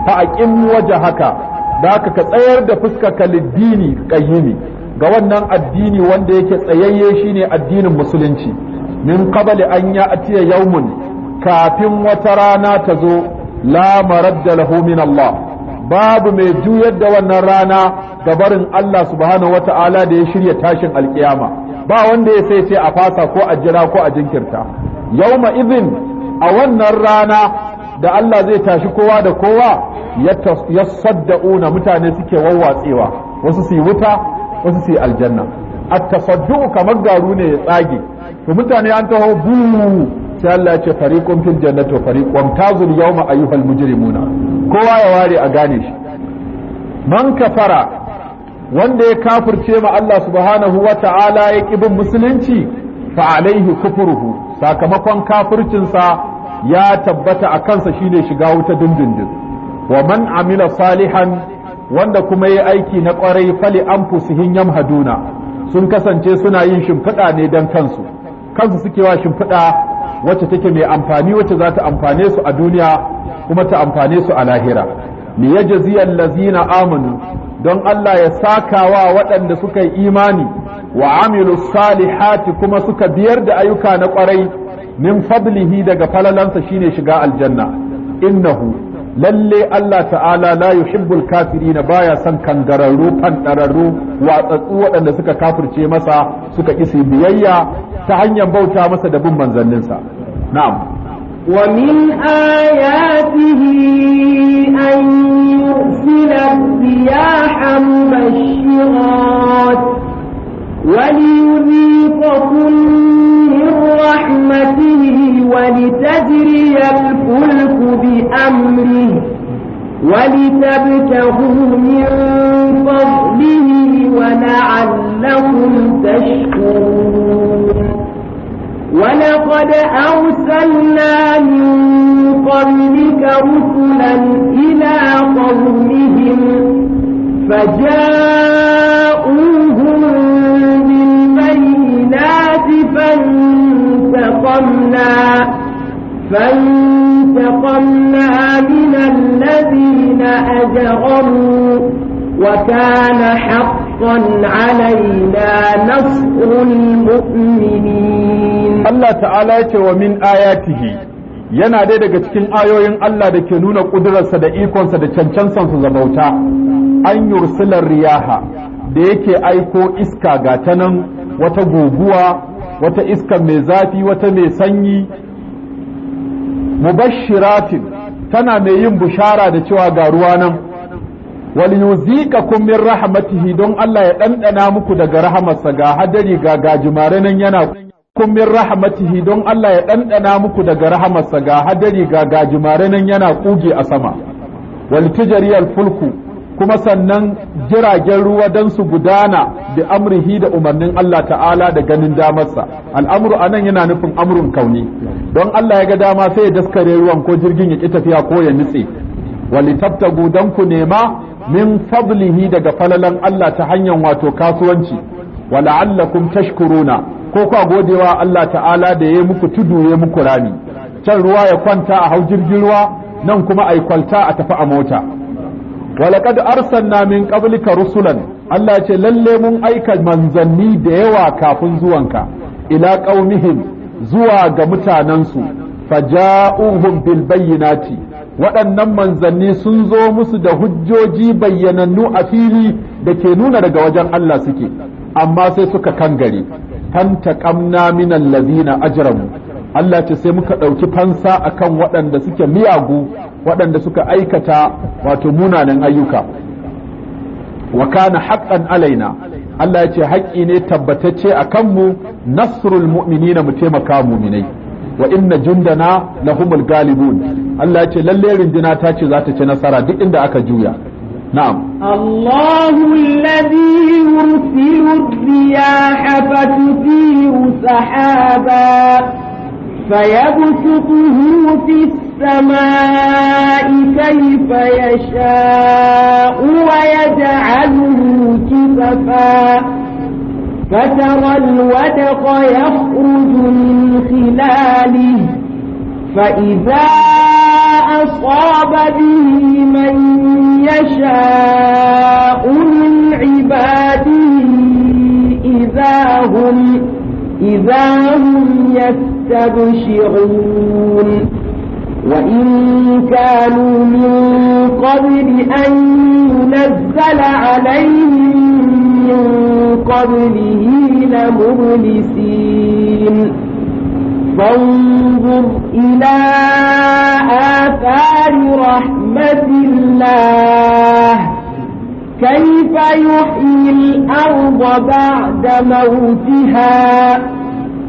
fa aqim haka da haka ka tsayar da fuskar ka liddini qayyimi ga wannan addini wanda yake tsayayye shine addinin musulunci min qabli an atiya yawmun kafin wata rana ta zo la maradda lahu min Allah babu mai juyar da wannan rana ga barin Allah subhanahu wata'ala da ya shirya tashin alkiyama ba wanda ya sai ce a fasa ko a jira ko a jinkirta yauma izin a wannan rana da Allah zai tashi kowa da kowa ya sadda'una mutane suke wawwatsewa wasu su yi wuta wasu su yi aljanna at tasaddu kamar garu ne ya tsage to mutane an taho buu sai Allah ya ce fariqun fil jannati wa fariqun tazul yawma ayyuhal mujrimuna kowa ya ware a gane shi man kafara wanda ya kafirce ma Allah subhanahu wa ta'ala ya bin musulunci fa alaihi kufruhu sakamakon kafircinsa ya tabbata a kansa shine shiga wuta dindindin wa man amila salihan wanda kuma ya aiki na kwarai fali anfusihin yamhaduna sun kasance suna yin shimfiɗa ne don kansu kansu suke wa shimfiɗa wacce take mai amfani wacce za ta amfane su a duniya kuma ta amfane su a lahira li yajzi lazina amanu don Allah ya saka sakawa waɗanda suka yi imani wa amilu salihati kuma suka biyar da ayyuka na ƙwarai min fadlihi daga falalansa shine shiga aljanna innahu lalle Allah ta'ala la yuhibbul kafirina baya son kangararru fandararru watsatsu waɗanda suka kafirce masa suka kisi biyayya ta hanyar bauta masa da bin manzanninsa na'am ومن آياته أن يرسل الرياح مبشرات وليذيقكم رحمته ولتجري الفلك بأمره ولتبتغوا من فضله ولعلكم تشكرون ولقد أرسلنا من قبلك رسلا إلى قومهم فجاءوا فانتقمنا فانتقمنا من الذين أجرموا وكان حقا علينا نصر المؤمنين الله تعالى ومن آياته yana dai daga cikin ayoyin Allah da ke nuna ƙudurarsa da ikonsa da cancansa da bauta an yursilar riyaha da yake aiko iska ga ta nan wata guguwa wata iska mai zafi wata mai sanyi mubashiratin tana mai yin bushara da cewa ga ruwa nan waliyuzikakum min rahmatihi don Allah ya ɗanɗana muku daga rahamarsa ga hadari ga gajimare nan yana kun min rahmatihi don Allah ya ɗanɗana muku daga rahamarsa ga hadari ga gajimare nan yana kuge a sama walitijari fulku kuma sannan jiragen ruwa don su gudana da amrihi da umarnin Allah ta'ala da ganin damarsa al'amuru a nan yana nufin amurin kauni don Allah ya ga dama sai ya daskare ruwan ko jirgin ya ƙi tafiya ko ya nutse wali tabtagu don ku nema min fadlihi daga falalan Allah ta hanyar wato kasuwanci wala'allakum tashkuruna ko kwa godewa Allah ta'ala da ya muku tudu ya muku rami can ruwa ya kwanta a hau jirgin ruwa nan kuma a kwalta a tafi a mota walaqad arsalna min qablika rusulan Allah ya ce lalle mun aika manzanni da yawa kafin zuwanka ila qaumihim zuwa ga mutanansu faja'uhum bil bayyinati waɗannan manzanni sun zo musu da hujjoji bayyanannu a fili da ke nuna daga wajen Allah suke amma sai suka kangare fantaqamna minal ladina ajramu Allah ce sai muka ɗauki fansa akan waɗanda suke miyagu waɗanda suka aikata wato munanan ayyuka wa kana haqqan alaina Allah ya ce haƙƙi ne tabbatacce a kanmu nasrul mu'minina mu taimaka muminai wa inna jundana lahumul galibun Allah ya ce lalle rindina ta ce za ta ci nasara duk inda aka juya نعم الله الذي يرسل الرياح فتثير سحابا فيبسطه في السماء كيف يشاء ويجعله كففا فترى الودق يخرج من خلاله فإذا أصاب به من يشاء من عباده إذا هم, إذا هم يسرون تبشرون وإن كانوا من قبل أن ينزل عليهم من قبله لمبلسين فانظر إلى آثار رحمة الله كيف يحيي الأرض بعد موتها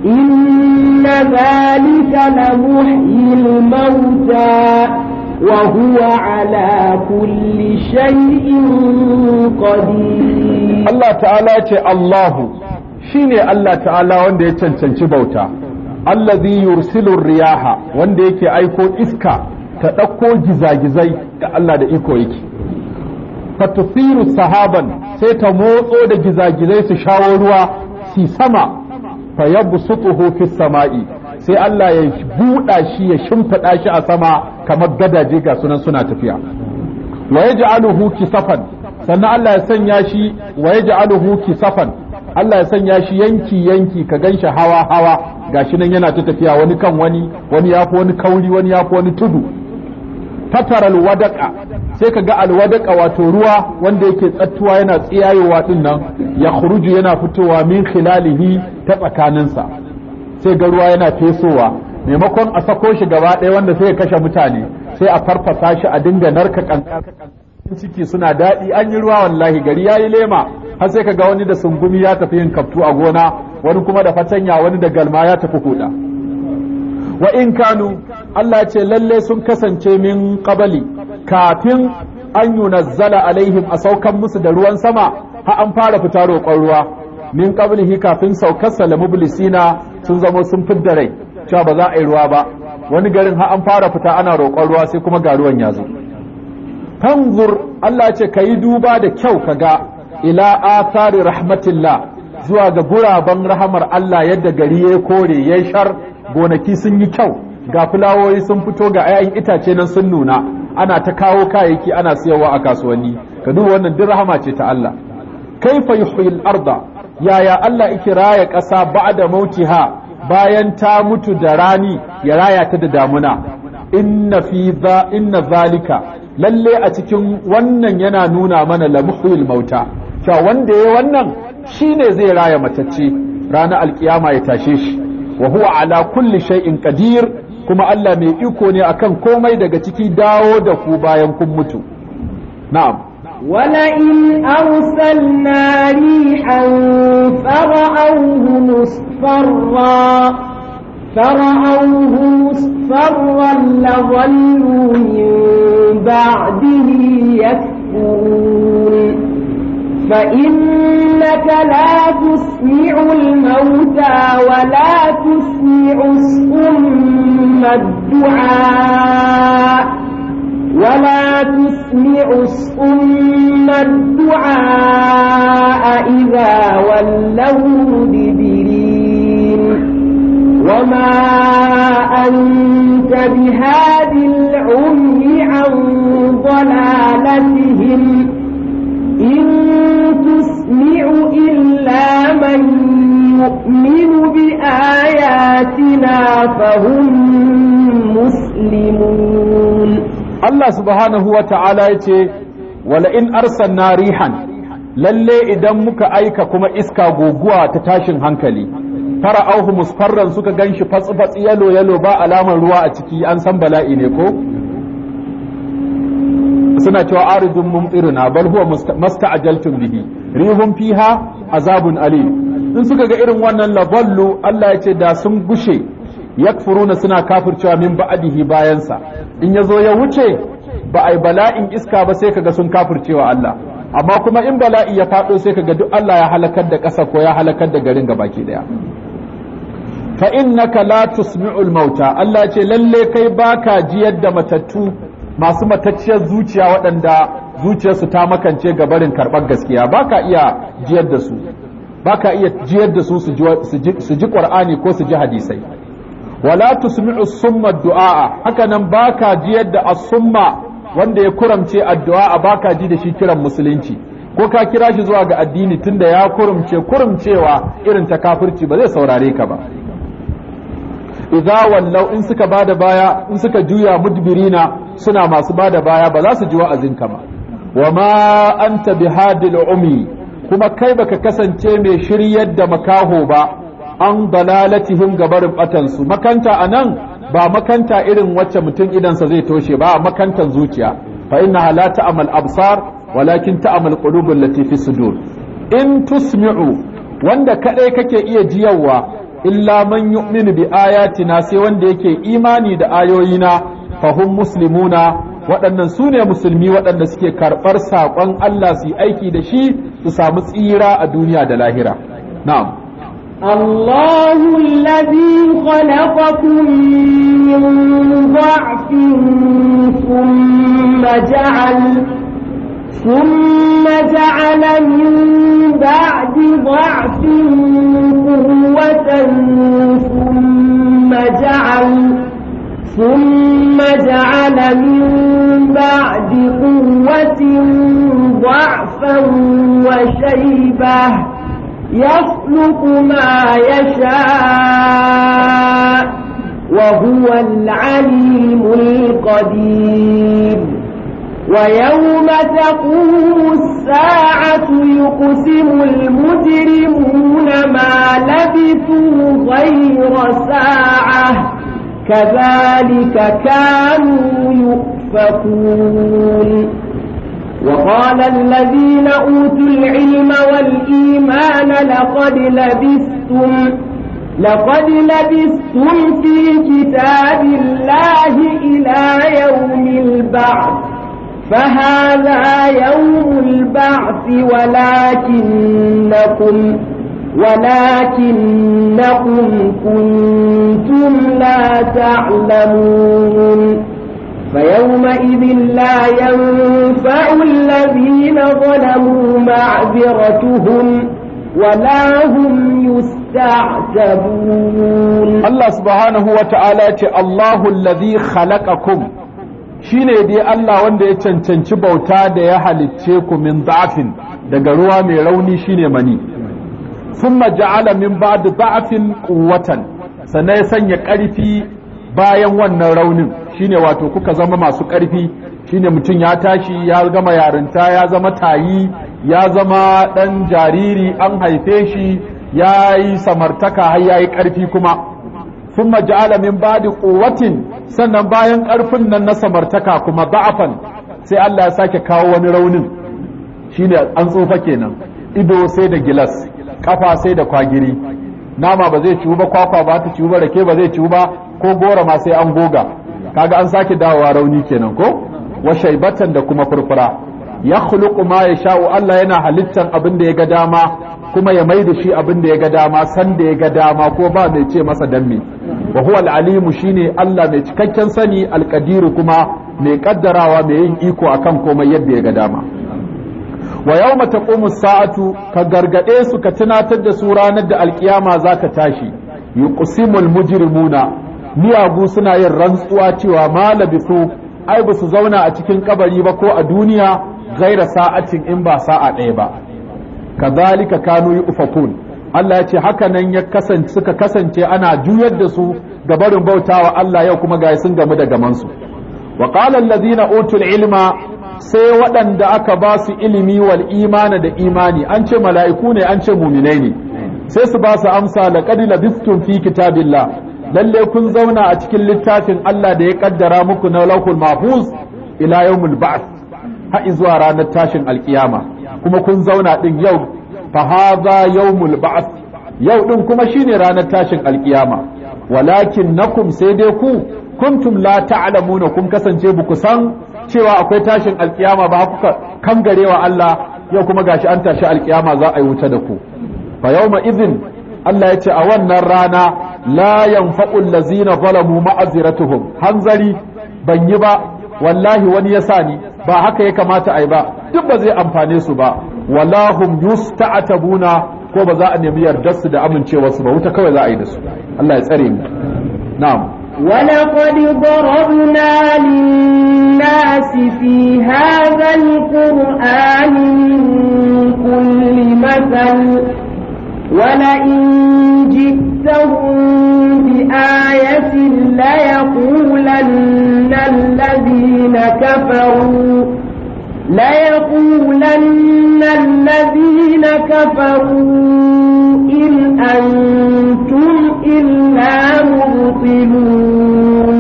إن ذلك لمحيي الموتى وهو على كل شيء قدير الله تعالى الله شيني الله تعالى وانده يتنشنش بوتا الذي يرسل الرياح وانده يكي ايكو اسكا تتكو جزا جزاجزي الله ده ايكو ايكي فتثير السحابا سيتموتو ده جزاجزي سشاوروا سي سما fa yabsutuhu fis sama'i sai Allah ya buɗa shi ya shimfiɗa shi a sama kamar gadaje ga sunan suna tafiya wa yaj'aluhu kisafan sannan Allah ya sanya shi wa yaj'aluhu kisafan Allah ya sanya shi yanki yanki ka ganshi hawa hawa gashi nan yana ta tafiya wani kan wani wani yafi wani kauri wani yafi wani tudu tatar alwadaka sai ka ga alwadaka wato ruwa wanda yake tsattuwa yana tsiyayowa din nan ya khuruju yana fitowa min khilalihi ta tsakaninsa sai ga ruwa yana fesowa maimakon a sako shi gaba ɗaya wanda sai ya kashe mutane sai a farfasa shi a dinga narka kankan ciki suna daɗi an yi ruwa wallahi gari ya yi lema har sai ka ga wani da sungumi ya tafi yin kaftu a gona wani kuma da fatanya wani da galma ya tafi kuɗa wa in kanu Allah ce lalle sun kasance min qabali kafin an yunazzala alaihim a saukan musu da ruwan sama har an fara fita roƙon ruwa min hi kafin saukarsa salamu mublisina sun zama sun fidda rai cewa ba za a yi ruwa ba wani garin har an fara fita ana roƙon ruwa sai kuma ga ruwan ya zo tanzur Allah ce ka duba da kyau ka ga ila athari rahmatillah zuwa ga guraben rahamar Allah yadda gari ya kore ya shar gonaki sun yi kyau ga fulawoyi sun fito ga 'ya'yan itace nan sun nuna ana ta kawo kayayyaki ana siyarwa a kasuwanni ka duba wannan duk rahama ce ta Allah kaifa yuhyil arda yaya Allah yake raya ƙasa da mautiha bayan ta mutu da rani ya raya ta da damuna inna fi za inna zalika lalle a cikin wannan yana nuna mana la mauta cewa wanda yayi wannan shine zai raya matacce rana alkiyama ya tashe shi wa huwa ala kulli shay'in qadir kuma Allah mai iko ne akan komai daga ciki dawo da ku bayan kun mutu na'am ولئن أرسلنا ريحا فرأوه مصفرا فرأوه مصفرا لظلوا من بعده يكفرون فإنك لا تسمع الموتى ولا تسمع الصم الدعاء ولا تسمع الصم الدعاء إذا ولوا مدبرين وما أنت بهاد العمي عن ضلالتهم إن تسمع إلا من يؤمن بآياتنا فهم مسلمون Allah subhanahu wa ta'ala ya ce wala in arsalna rihan lalle idan muka aika kuma iska guguwa ta tashin hankali tara auhu musfarran suka ganshi fatsi fatsi yalo yalo ba alamar ruwa a ciki an san bala'i ne ko suna cewa aridun mumtiruna bal huwa masta'ajaltum bihi Rihun fiha azabun ali in suka ga irin wannan laballu Allah ya ce da sun gushe yakfuruna suna kafircewa min ba'dihi bayansa in yazo ya wuce ba ai bala'in iska ba sai kaga sun kafircewa Allah amma kuma in bala'i ya faɗo sai kaga duk Allah ya halakar da ƙasa ko ya halakar da garin gabaki daya fa innaka la tusmi'ul mauta Allah ce lalle kai baka jiyar da matattu masu matacciyar zuciya waɗanda zuciyarsu ta makance ga barin karɓar gaskiya baka iya jiyar da su baka iya jiyar da su su ji Qur'ani ko su ji hadisai wala tusmi'u summa du'a haka nan baka ji yadda as-summa wanda ya kuramce addu'a baka ji da shi kiran musulunci ko ka kira shi zuwa ga addini tunda ya kurumce kurumcewa irin ta kafirci ba zai saurare ka ba idza wallau in suka bada baya in suka juya mudbirina suna masu bada baya ba za su ji wa'azin ka ba wama anta bihadil umi kuma kai baka kasance mai shiryar da makaho ba an dalalatihim gabarin batansu makanta a nan, ba makanta irin wacce mutum idansa zai toshe ba makantan zuciya fa inna la ta'mal absar walakin ta'mal qulubul lati fi sudur in tusmi'u wanda kadai kake iya jiyawa illa man yu'minu bi ayatina sai wanda yake imani da ayoyina fahum muslimuna waɗannan su ne musulmi waɗanda suke karɓar saƙon Allah su yi aiki da shi su samu tsira a duniya da lahira na'am الله الذي خلقكم من ضعف ثم جعل ثم جعل من بعد ضعف قوة ثم جعل ثم جعل من بعد قوة ضعفا وشيبة يخلق ما يشاء وهو العليم القدير ويوم تقوم الساعة يقسم المجرمون ما لبثوا غير ساعة كذلك كانوا يؤفكون وقال الذين أوتوا العلم والإيمان لقد لبثتم لقد لبثتم في كتاب الله إلى يوم البعث فهذا يوم البعث ولكنكم ولكنكم كنتم لا تعلمون فيومئذ لا ينفع الذين ظلموا معذرتهم ولا هم يستعتبون الله سبحانه وتعالى الله الذي خلقكم shine dai Allah wanda ya cancanci bauta da ya halicce ku min da'afin daga ruwa mai rauni shine mani alamin ja'ala min za'afin da'afin quwwatan sannan ya sanya ƙarfi bayan wannan raunin shine wato kuka zama masu ƙarfi shine mutum ya tashi ya gama yarinta ya zama tayi ya zama ɗan jariri an haife shi ya yi samartaka har ya yi ƙarfi kuma sun maji alamin ba ba'di ƙuwatin sannan bayan ƙarfin nan na samartaka kuma ba'afan sai Allah ya sake kawo wani raunin shine an tsufa kenan ido sai da gilas kafa sai da kwagiri nama ba zai ciwu ba kwakwa ba ta ciwu ba rake ba zai ciwu ba ko gora ma sai an goga kaga an sake dawowa rauni kenan ko wa shaibatan da kuma furfura ya khuluqu ma sha'u? Allah yana halittan abin da ya ga dama kuma ya maida shi abin da ya ga dama san da ya ga dama ko ba mai ce masa dan wa huwa al-alimu shine Allah mai cikakken sani al-qadir kuma mai kaddarawa mai yin iko akan komai yadda ya ga dama wa yawma taqumu sa'atu ka gargade su ka tunatar da su ranar da alkiyama za ta tashi yuqsimul mujrimuna miyagu suna yin rantsuwa cewa malabi labisu ai ba su zauna a cikin kabari ba ko a duniya gaira sa'atin in ba sa'a ɗaya ba kazalika kanu yufakun Allah ya ce haka nan ya kasance suka kasance ana juyar da su ga barin bautawa Allah yau kuma ga sun gamu da gamansu wa qala allazina utul ilma sai waɗanda aka ba su ilimi wal imana da imani an ce mala'iku ne an ce muminai ne sai su ba su amsa laqad labistum fi kitabillah lalle kun zauna a cikin littafin Allah da ya kaddara muku na lauhul mahfuz ila yawmul ba'th zuwa ranar tashin alkiyama kuma kun zauna din yau fa hadha yawmul ba'th yau din kuma shine ranar tashin alkiyama walakin nakum sai dai ku kuntum la ta'lamuna kun kasance ba san cewa akwai tashin alkiyama ba kuka garewa Allah yau kuma gashi an tashi alkiyama za a yi wuta da ku fa yawma idhin Allah ya ce a wannan rana Layan yanfa'u allazina zalamu ma'aziratuhum hanzari ban yi ba wallahi wani ya ni, ba haka ya kamata a ai ba duk ba zai amfane su ba walahum yusta'tabuna ko ba za a nemi yardar su da amincewar su ba wuta kawai za a yi da su Allah ya tsare mu na'am ولقد ضربنا للناس في هذا القرآن من كل مثل ولئن جئتهم بآية ليقولن الذين كفروا ليقولن الذين كفروا إن أنتم إلا مبطلون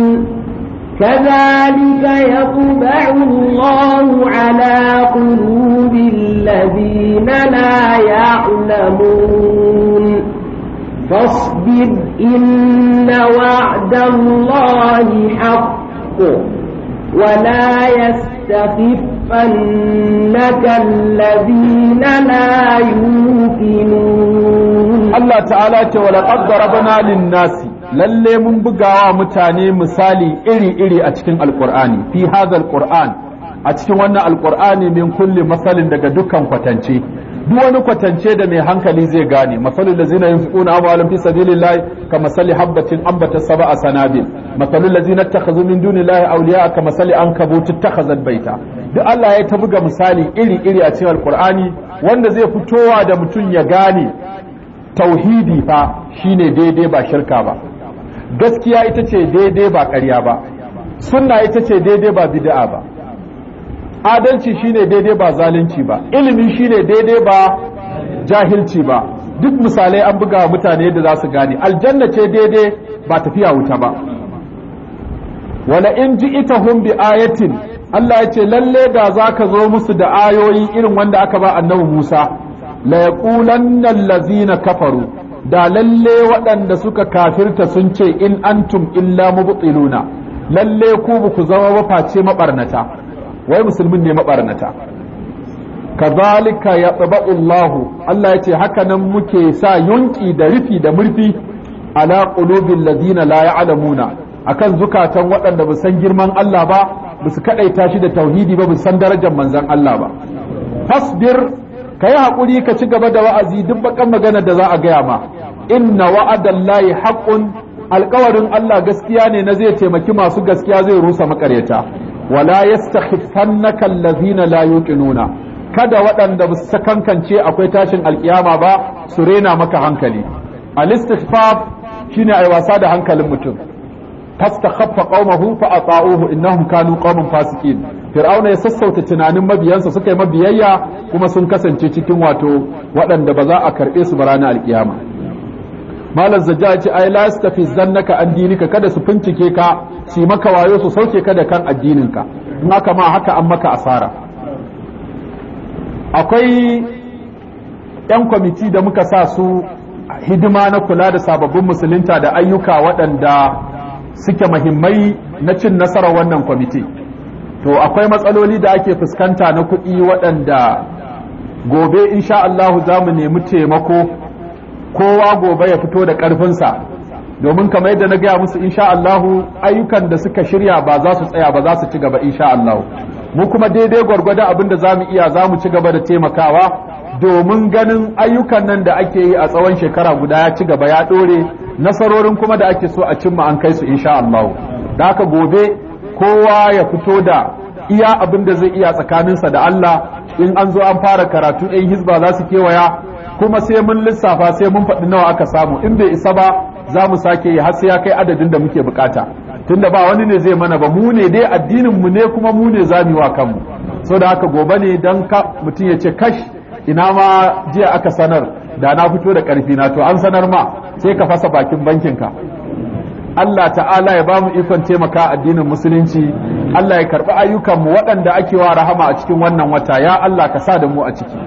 كذلك يطبع الله على قلوب الذين لا يعلمون فاصبر إن وعد الله حق ولا يستخفنك الذين لا يوقنون الله تعالى ولقد ضربنا للناس lalle mun bugawa mutane misali iri-iri a cikin alkur'ani fi hazal qur'an a cikin wannan alkur'ani min kulli masalin daga dukkan kwatance duk wani kwatance da mai hankali zai gane masalul ladzina yunfiquna amwalan fi sabilillahi kamasali habbatin ambata sab'a sanabil masalul ladzina takhazu min dunillahi awliya an kabutu ittakhadhat baita duk Allah ya ta buga misali iri iri a cikin alqur'ani wanda zai fitowa da mutum ya gane tauhidi fa shine daidai ba shirka ba gaskiya ita ce daidai ba ƙarya ba sunna ita ce daidai ba bid'a ba adalci shine daidai ba zalunci ba ilimi shine daidai ba jahilci ba duk misalai an buga mutane da za su gane aljanna ce daidai ba tafiya wuta ba wala in ji ita hun bi ayatin Allah ya ce lalle da za ka zo musu da ayoyi irin wanda aka ba annabi Musa la yaqulanna allazina kafaru da lalle waɗanda suka kafirta sun ce in antum illa mubtiluna lalle ku ba ku zama ba face mabarnata wai musulmin ne mabarnata kazalika ya Allahu Allah ya ce haka nan muke sa yunki da rufi da murfi ala qulubil ladina la ya'lamuna akan zukatan waɗanda ba san girman Allah ba ba su kadaita shi da tauhidi ba ba san darajar manzon Allah ba fasbir kai hakuri ka ci gaba da wa'azi duk bakan magana da za a gaya ma inna wa'adallahi haqqun alkawarin Allah gaskiya ne na zai taimaki masu gaskiya zai rusa makaryata wala yastakhifannaka allazina la yuqinuna kada waɗanda ba su kankance akwai tashin alkiyama ba su rena maka hankali al-istighfar a yi wasa da hankalin mutum fastakhaffa qaumahu fa ata'uhu innahum kanu qauman fasiqin fir'auna ya sassauta tunanin mabiyansa suka yi mabiyayya kuma sun kasance cikin wato waɗanda ba za a karɓe su ba ranar alkiyama malam zaja ya ce ai la naka an dinika kada su fincike ka su maka wayo su sauke ka da kan addininka in aka ma haka an maka asara akwai yan kwamiti da muka sa su hidima na kula da sababbin musulunta da ayyuka waɗanda suke mahimmai na cin nasarar wannan kwamiti to akwai matsaloli da ake fuskanta na kuɗi waɗanda gobe insha Allah za mu nemi taimako kowa gobe ya fito da ƙarfinsa domin kamar yadda na gaya musu insha Allahu ayyukan da suka shirya ba za su tsaya ba za su ci gaba insha Allahu mu kuma daidai gwargwado abin da za mu iya za mu ci gaba da taimakawa domin ganin ayyukan nan da ake yi a tsawon shekara guda ya ci gaba ya ɗore nasarorin kuma da ake so a cimma an kai su insha Allahu da haka gobe kowa ya fito da iya abin da zai iya tsakaninsa da Allah in an zo an fara karatu ɗin Hisba za su kewaya kuma sai mun lissafa sai mun faɗi nawa aka samu in bai isa ba za mu sake yi har sai ya kai adadin da muke bukata tunda ba wani ne zai mana ba mu ne dai addinin mu ne kuma mu ne zamu wa kanmu so da haka gobe ne dan ka mutum ya ce kash ina ma jiya aka sanar da na fito da karfi na to an sanar ma sai ka fasa bakin bankin ka Allah ta'ala ya bamu mu ikon taimaka addinin musulunci Allah ya karɓi ayyukanmu waɗanda ake wa rahama a cikin wannan wata ya Allah ka sa da mu a ciki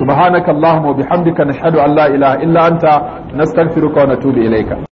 subhanakallahumma wa bihamdika nashhadu an la ilaha illa anta nastaghfiruka wa natubu ilaika